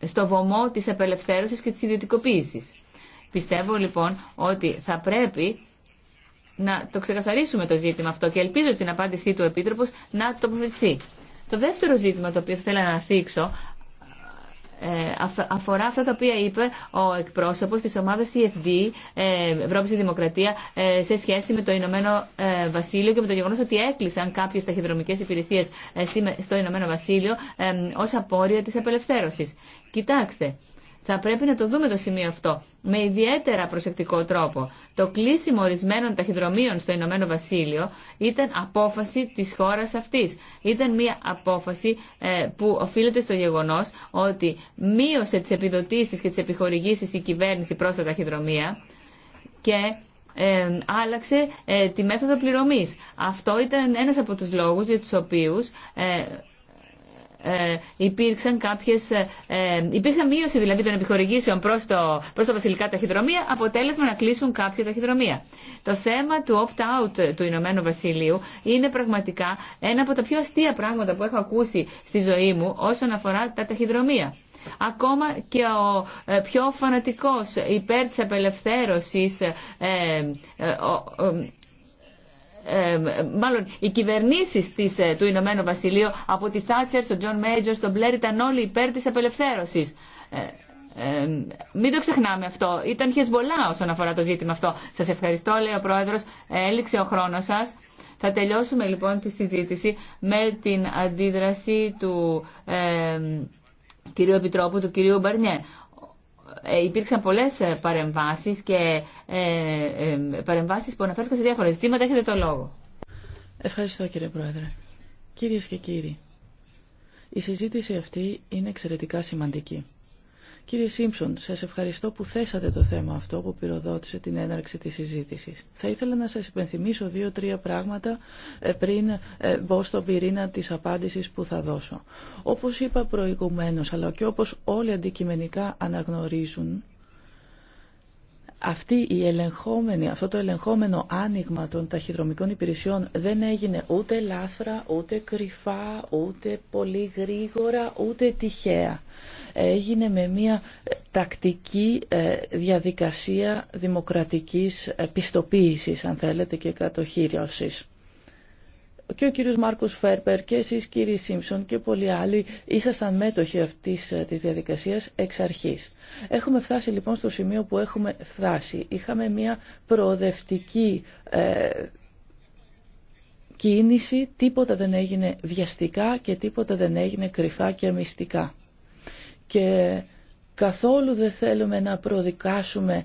στο βωμό της απελευθέρωσης και της ιδιωτικοποίησης. Πιστεύω λοιπόν ότι θα πρέπει να το ξεκαθαρίσουμε το ζήτημα αυτό και ελπίζω στην απάντησή του ο Επίτροπος να τοποθετηθεί. Το δεύτερο ζήτημα το οποίο θέλω να θίξω ε, αφορά αυτά τα οποία είπε ο εκπρόσωπος της ομάδας EFD ε, Ευρώπη και Δημοκρατία ε, σε σχέση με το Ηνωμένο Βασίλειο και με το γεγονό ότι έκλεισαν κάποιες ταχυδρομικές υπηρεσίες στο Ηνωμένο Βασίλειο ως απόρρια της απελευθέρωσης. Κοιτάξτε, θα πρέπει να το δούμε το σημείο αυτό με ιδιαίτερα προσεκτικό τρόπο. Το κλείσιμο ορισμένων ταχυδρομείων στο Ηνωμένο Βασίλειο ήταν απόφαση της χώρας αυτής. Ήταν μια απόφαση ε, που οφείλεται στο γεγονός ότι μείωσε τις επιδοτήσεις και τις επιχορηγήσεις η κυβέρνηση προς τα ταχυδρομεία και ε, άλλαξε ε, τη μέθοδο πληρωμής. Αυτό ήταν ένας από τους λόγους για τους οποίους ε, υπήρξαν κάποιες, ε, ε μείωση δηλαδή των επιχορηγήσεων προς, το, προς τα βασιλικά ταχυδρομεία, αποτέλεσμα να κλείσουν κάποια ταχυδρομεία. Το θέμα του opt-out του Ηνωμένου Βασιλείου είναι πραγματικά ένα από τα πιο αστεία πράγματα που έχω ακούσει στη ζωή μου όσον αφορά τα ταχυδρομεία. Ακόμα και ο ε, πιο φανατικός υπέρ της απελευθέρωσης ε, ε μάλλον οι κυβερνήσει της, ε, του Ηνωμένου Βασιλείου από τη Θάτσερ στον Τζον Μέιτζορ στον Μπλερ ήταν όλοι υπέρ τη απελευθέρωση. Ε, μην το ξεχνάμε αυτό. Ήταν χεσμολά όσον αφορά το ζήτημα αυτό. Σας ευχαριστώ, λέει ο Πρόεδρος. Έληξε ο χρόνος σας. Θα τελειώσουμε λοιπόν τη συζήτηση με την αντίδραση του ε, κυρίου Επιτρόπου, του κυρίου Μπαρνιέ. Ε, υπήρξαν πολλές ε, παρεμβάσεις και ε, παρεμβάσεις που αναφέρθηκαν σε διάφορα ζητήματα. Έχετε το λόγο. Ευχαριστώ κύριε Πρόεδρε. Κυρίε και κύριοι, η συζήτηση αυτή είναι εξαιρετικά σημαντική. Κύριε Σίμψον, σας ευχαριστώ που θέσατε το θέμα αυτό που πυροδότησε την έναρξη της συζήτησης. Θα ήθελα να σας υπενθυμίσω δύο-τρία πράγματα ε, πριν ε, μπω στον πυρήνα της απάντησης που θα δώσω. Όπως είπα προηγουμένως, αλλά και όπως όλοι αντικειμενικά αναγνωρίζουν, αυτή η ελεγχόμενη, αυτό το ελεγχόμενο άνοιγμα των ταχυδρομικών υπηρεσιών δεν έγινε ούτε λάθρα, ούτε κρυφά, ούτε πολύ γρήγορα, ούτε τυχαία. Έγινε με μια ε, τακτική ε, διαδικασία δημοκρατικής ε, πιστοποίησης, αν θέλετε, και κατοχήριωσης και ο κύριος Μάρκος Φέρπερ και εσείς κύριοι Σίμψον και πολλοί άλλοι ήσασταν μέτοχοι αυτής ε, της διαδικασίας εξ αρχής. Έχουμε φτάσει λοιπόν στο σημείο που έχουμε φτάσει. Είχαμε μια προοδευτική ε, κίνηση, τίποτα δεν έγινε βιαστικά και τίποτα δεν έγινε κρυφά και μυστικά. Και Καθόλου δεν θέλουμε να προδικάσουμε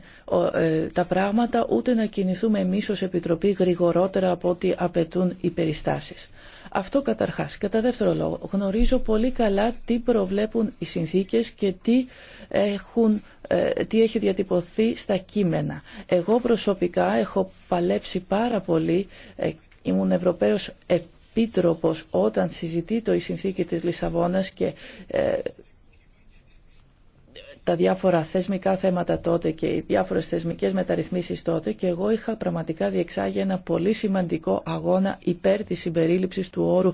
ε, τα πράγματα, ούτε να κινηθούμε εμείς ως Επιτροπή γρηγορότερα από ό,τι απαιτούν οι περιστάσεις. Αυτό καταρχάς. Κατά δεύτερο λόγο, γνωρίζω πολύ καλά τι προβλέπουν οι συνθήκες και τι, έχουν, ε, τι έχει διατυπωθεί στα κείμενα. Εγώ προσωπικά έχω παλέψει πάρα πολύ, ε, ήμουν Ευρωπαίος Επίτροπος όταν συζητεί το η συνθήκη της Λισαβόνας και τα διάφορα θεσμικά θέματα τότε και οι διάφορες θεσμικές μεταρρυθμίσεις τότε και εγώ είχα πραγματικά διεξάγει ένα πολύ σημαντικό αγώνα υπέρ της συμπερίληψης του όρου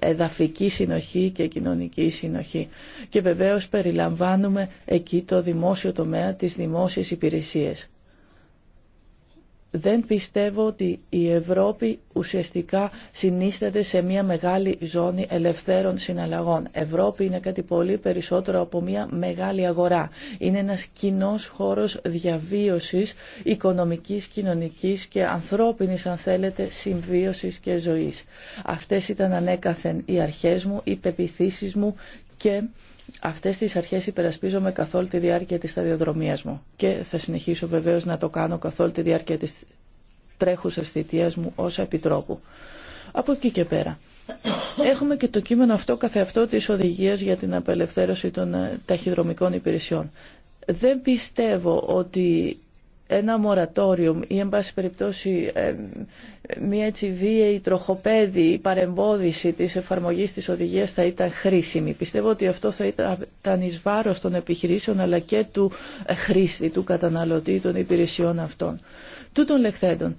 εδαφική συνοχή και κοινωνική συνοχή. Και βεβαίως περιλαμβάνουμε εκεί το δημόσιο τομέα, τις δημόσιες υπηρεσίες δεν πιστεύω ότι η Ευρώπη ουσιαστικά συνίσταται σε μια μεγάλη ζώνη ελευθέρων συναλλαγών. Ευρώπη είναι κάτι πολύ περισσότερο από μια μεγάλη αγορά. Είναι ένας κοινό χώρος διαβίωσης οικονομικής, κοινωνικής και ανθρώπινης, αν θέλετε, συμβίωσης και ζωής. Αυτές ήταν ανέκαθεν οι αρχές μου, οι πεπιθήσεις μου και Αυτές τις αρχές υπερασπίζομαι καθ' όλη τη διάρκεια της σταδιοδρομίας μου και θα συνεχίσω βεβαίως να το κάνω καθ' όλη τη διάρκεια της τρέχουσας θητείας μου ως επιτρόπου. Από εκεί και πέρα. Έχουμε και το κείμενο αυτό καθεαυτό της οδηγίας για την απελευθέρωση των ε, ταχυδρομικών υπηρεσιών. Δεν πιστεύω ότι ένα μορατόριο ή εν πάση περιπτώσει μια έτσι βίαιη τροχοπέδη ή παρεμπόδιση της εφαρμογής της οδηγίας θα ήταν χρήσιμη. Πιστεύω ότι αυτό θα ήταν εις βάρος των επιχειρήσεων αλλά και του ε, χρήστη, του καταναλωτή των υπηρεσιών αυτών. Τούτων λεχθέντων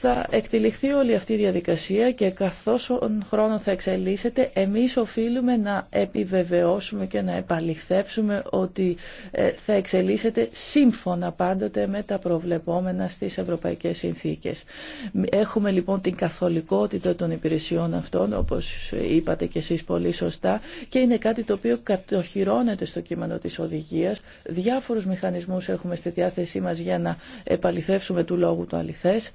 θα εκτεληχθεί όλη αυτή η διαδικασία και καθώς ο χρόνο θα εξελίσσεται, εμείς οφείλουμε να επιβεβαιώσουμε και να επαληθεύσουμε ότι ε, θα εξελίσσεται σύμφωνα πάντοτε με τα προβλεπόμενα στις ευρωπαϊκές συνθήκες. Έχουμε λοιπόν την καθολικότητα των υπηρεσιών αυτών, όπως είπατε και εσείς πολύ σωστά, και είναι κάτι το οποίο κατοχυρώνεται στο κείμενο της οδηγίας. Διάφορους μηχανισμούς έχουμε στη διάθεσή μας για να επαληθεύσουμε του λόγου του αληθές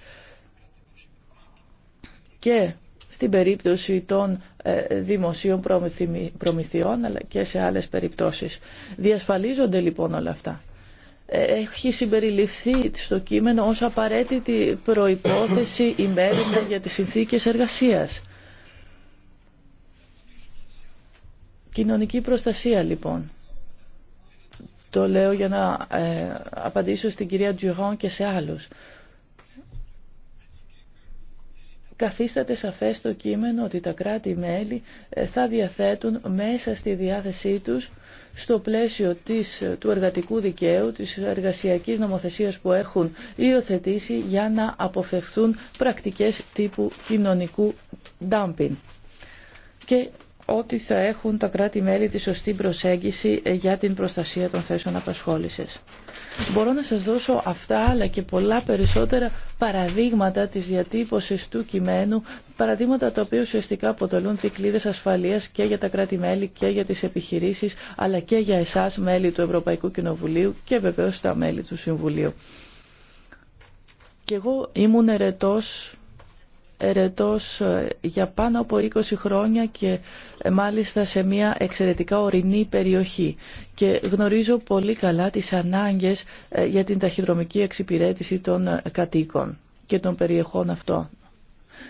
και στην περίπτωση των ε, δημοσίων προμηθειών αλλά και σε άλλες περιπτώσεις. Διασφαλίζονται λοιπόν όλα αυτά. Ε, έχει συμπεριληφθεί στο κείμενο ως απαραίτητη προϋπόθεση ημέριντα για τις συνθήκες εργασίας. Κοινωνική προστασία λοιπόν. Το λέω για να ε, απαντήσω στην κυρία Τζιγόν και σε άλλους καθίσταται σαφές το κείμενο ότι τα κράτη-μέλη ε, θα διαθέτουν μέσα στη διάθεσή τους στο πλαίσιο της, ε, του εργατικού δικαίου, της εργασιακής νομοθεσίας που έχουν υιοθετήσει για να αποφευθούν πρακτικές τύπου κοινωνικού dumping. Και ότι θα έχουν τα κράτη-μέλη τη σωστή προσέγγιση ε, για την προστασία των θέσεων απασχόλησης. Μπορώ να σας δώσω αυτά αλλά και πολλά περισσότερα παραδείγματα της διατύπωσης του κειμένου, παραδείγματα τα οποία ουσιαστικά αποτελούν δικλείδες ασφαλείας και για τα κράτη-μέλη και για τις επιχειρήσεις, αλλά και για εσάς μέλη του Ευρωπαϊκού Κοινοβουλίου και βεβαίως τα μέλη του Συμβουλίου. Και εγώ ήμουν ερετός ερετός ε, για πάνω από 20 χρόνια και ε, μάλιστα σε μια εξαιρετικά ορεινή περιοχή και γνωρίζω πολύ καλά τις ανάγκες ε, για την ταχυδρομική εξυπηρέτηση των κατοίκων και των περιεχών αυτών.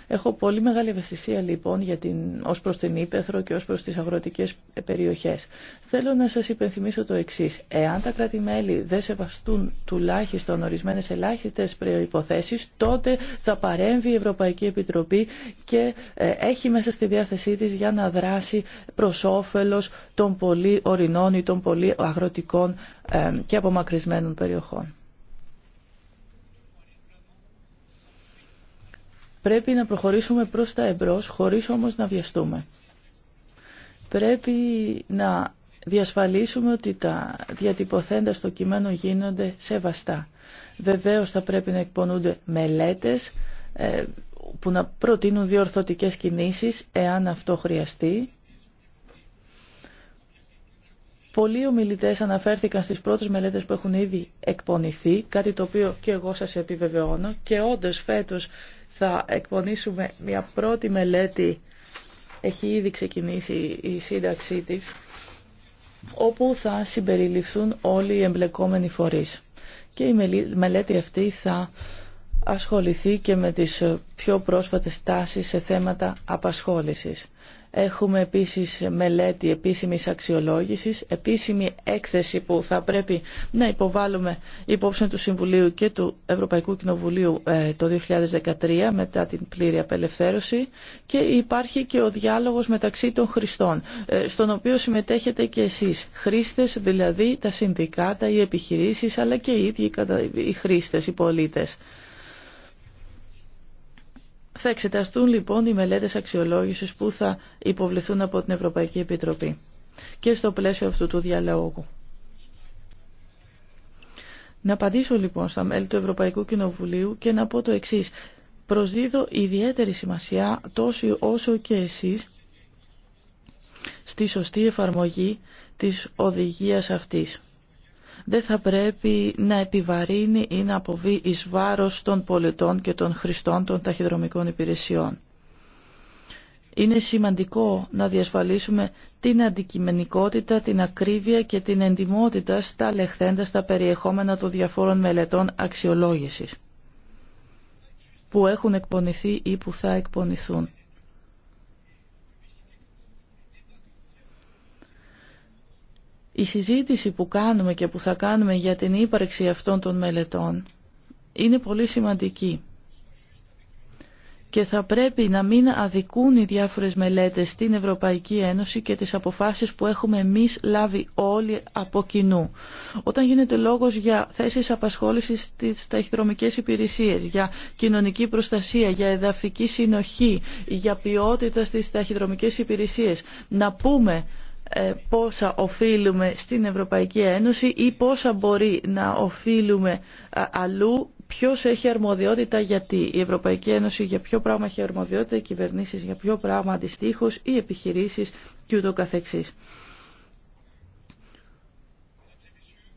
Έχω πολύ μεγάλη ευαισθησία λοιπόν για την, ως προς την Ήπεθρο και ως προς τις αγροτικές περιοχές. Θέλω να σας υπενθυμίσω το εξής. Εάν τα κράτη-μέλη δεν σεβαστούν τουλάχιστον ορισμένες ελάχιστες προϋποθέσεις, τότε θα παρέμβει η Ευρωπαϊκή Επιτροπή και ε, έχει μέσα στη διάθεσή της για να δράσει προς όφελος των πολύ ορεινών ή των πολύ αγροτικών ε, και απομακρυσμένων περιοχών. Πρέπει να προχωρήσουμε προς τα εμπρός, χωρίς όμως να βιαστούμε. Πρέπει να διασφαλίσουμε ότι τα διατυπωθέντα στο κείμενο γίνονται σεβαστά. Βεβαίως θα πρέπει να εκπονούνται μελέτες ε, που να προτείνουν διορθωτικές κινήσεις εάν αυτό χρειαστεί. Πολλοί ομιλητές αναφέρθηκαν στις πρώτες μελέτες που έχουν ήδη εκπονηθεί, κάτι το οποίο και εγώ σας επιβεβαιώνω και όντω φέτος θα εκπονήσουμε μια πρώτη μελέτη, έχει ήδη ξεκινήσει η σύνταξή της, όπου θα συμπεριληφθούν όλοι οι εμπλεκόμενοι φορείς. Και η μελέτη αυτή θα ασχοληθεί και με τις πιο πρόσφατες τάσεις σε θέματα απασχόλησης. Έχουμε επίσης μελέτη επίσημης αξιολόγησης, επίσημη έκθεση που θα πρέπει να υποβάλουμε υπόψη του Συμβουλίου και του Ευρωπαϊκού Κοινοβουλίου ε, το 2013 μετά την πλήρη απελευθέρωση και υπάρχει και ο διάλογος μεταξύ των χρηστών, ε, στον οποίο συμμετέχετε και εσείς, χρήστες δηλαδή τα συνδικάτα, οι επιχειρήσεις αλλά και οι ίδιοι οι χρήστες, οι πολίτες. Θα εξεταστούν λοιπόν οι μελέτες αξιολόγησης που θα υποβληθούν από την Ευρωπαϊκή Επιτροπή και στο πλαίσιο αυτού του διαλόγου. Να απαντήσω λοιπόν στα μέλη του Ευρωπαϊκού Κοινοβουλίου και να πω το εξής. Προσδίδω ιδιαίτερη σημασία τόσο όσο και εσείς στη σωστή εφαρμογή της οδηγίας αυτής δεν θα πρέπει να επιβαρύνει ή να αποβεί εις βάρος των πολιτών και των χρηστών των ταχυδρομικών υπηρεσιών. Είναι σημαντικό να διασφαλίσουμε την αντικειμενικότητα, την ακρίβεια και την εντιμότητα στα λεχθέντα στα περιεχόμενα των διαφόρων μελετών αξιολόγησης που έχουν εκπονηθεί ή που θα εκπονηθούν. Η συζήτηση που κάνουμε και που θα κάνουμε για την ύπαρξη αυτών των μελετών είναι πολύ σημαντική και θα πρέπει να μην αδικούν οι διάφορες μελέτες στην Ευρωπαϊκή Ένωση και τις αποφάσεις που έχουμε εμείς λάβει όλοι από κοινού. Όταν γίνεται λόγος για θέσεις απασχόλησης στις ταχυδρομικές υπηρεσίες, για κοινωνική προστασία, για εδαφική συνοχή, για ποιότητα στις ταχυδρομικές υπηρεσίες, να πούμε ε, πόσα οφείλουμε στην Ευρωπαϊκή Ένωση ή πόσα μπορεί να οφείλουμε ε, αλλού, ποιος έχει αρμοδιότητα γιατί. Η Ευρωπαϊκή Ένωση για ποιο πράγμα έχει αρμοδιότητα, οι κυβερνήσεις για ποιο πράγμα αντιστοίχω οι επιχειρήσεις και ούτω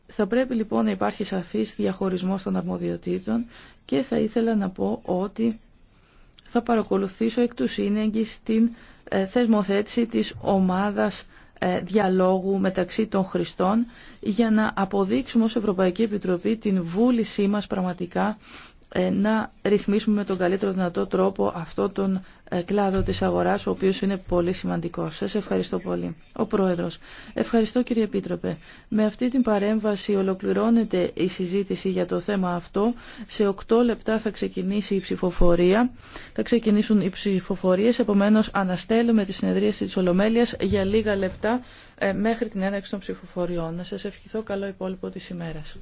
Θα πρέπει λοιπόν να υπάρχει σαφής διαχωρισμός των αρμοδιοτήτων και θα ήθελα να πω ότι θα παρακολουθήσω εκ του σύνεγγυς την ε, θεσμοθέτηση της ομάδας ε, διαλόγου μεταξύ των χρηστών για να αποδείξουμε ως Ευρωπαϊκή Επιτροπή την βούλησή μας πραγματικά ε, να ρυθμίσουμε με τον καλύτερο δυνατό τρόπο αυτό τον κλάδο της αγοράς, ο οποίος είναι πολύ σημαντικός. Σας ευχαριστώ πολύ. Ο Πρόεδρος. Ευχαριστώ κύριε Επίτροπε. Με αυτή την παρέμβαση ολοκληρώνεται η συζήτηση για το θέμα αυτό. Σε 8 λεπτά θα ξεκινήσει η ψηφοφορία. Θα ξεκινήσουν οι ψηφοφορίες, επομένως αναστέλουμε τη συνεδρίαση της Ολομέλειας για λίγα λεπτά ε, μέχρι την έναρξη των ψηφοφοριών. Να σας ευχηθώ καλό υπόλοιπο της ημέρας.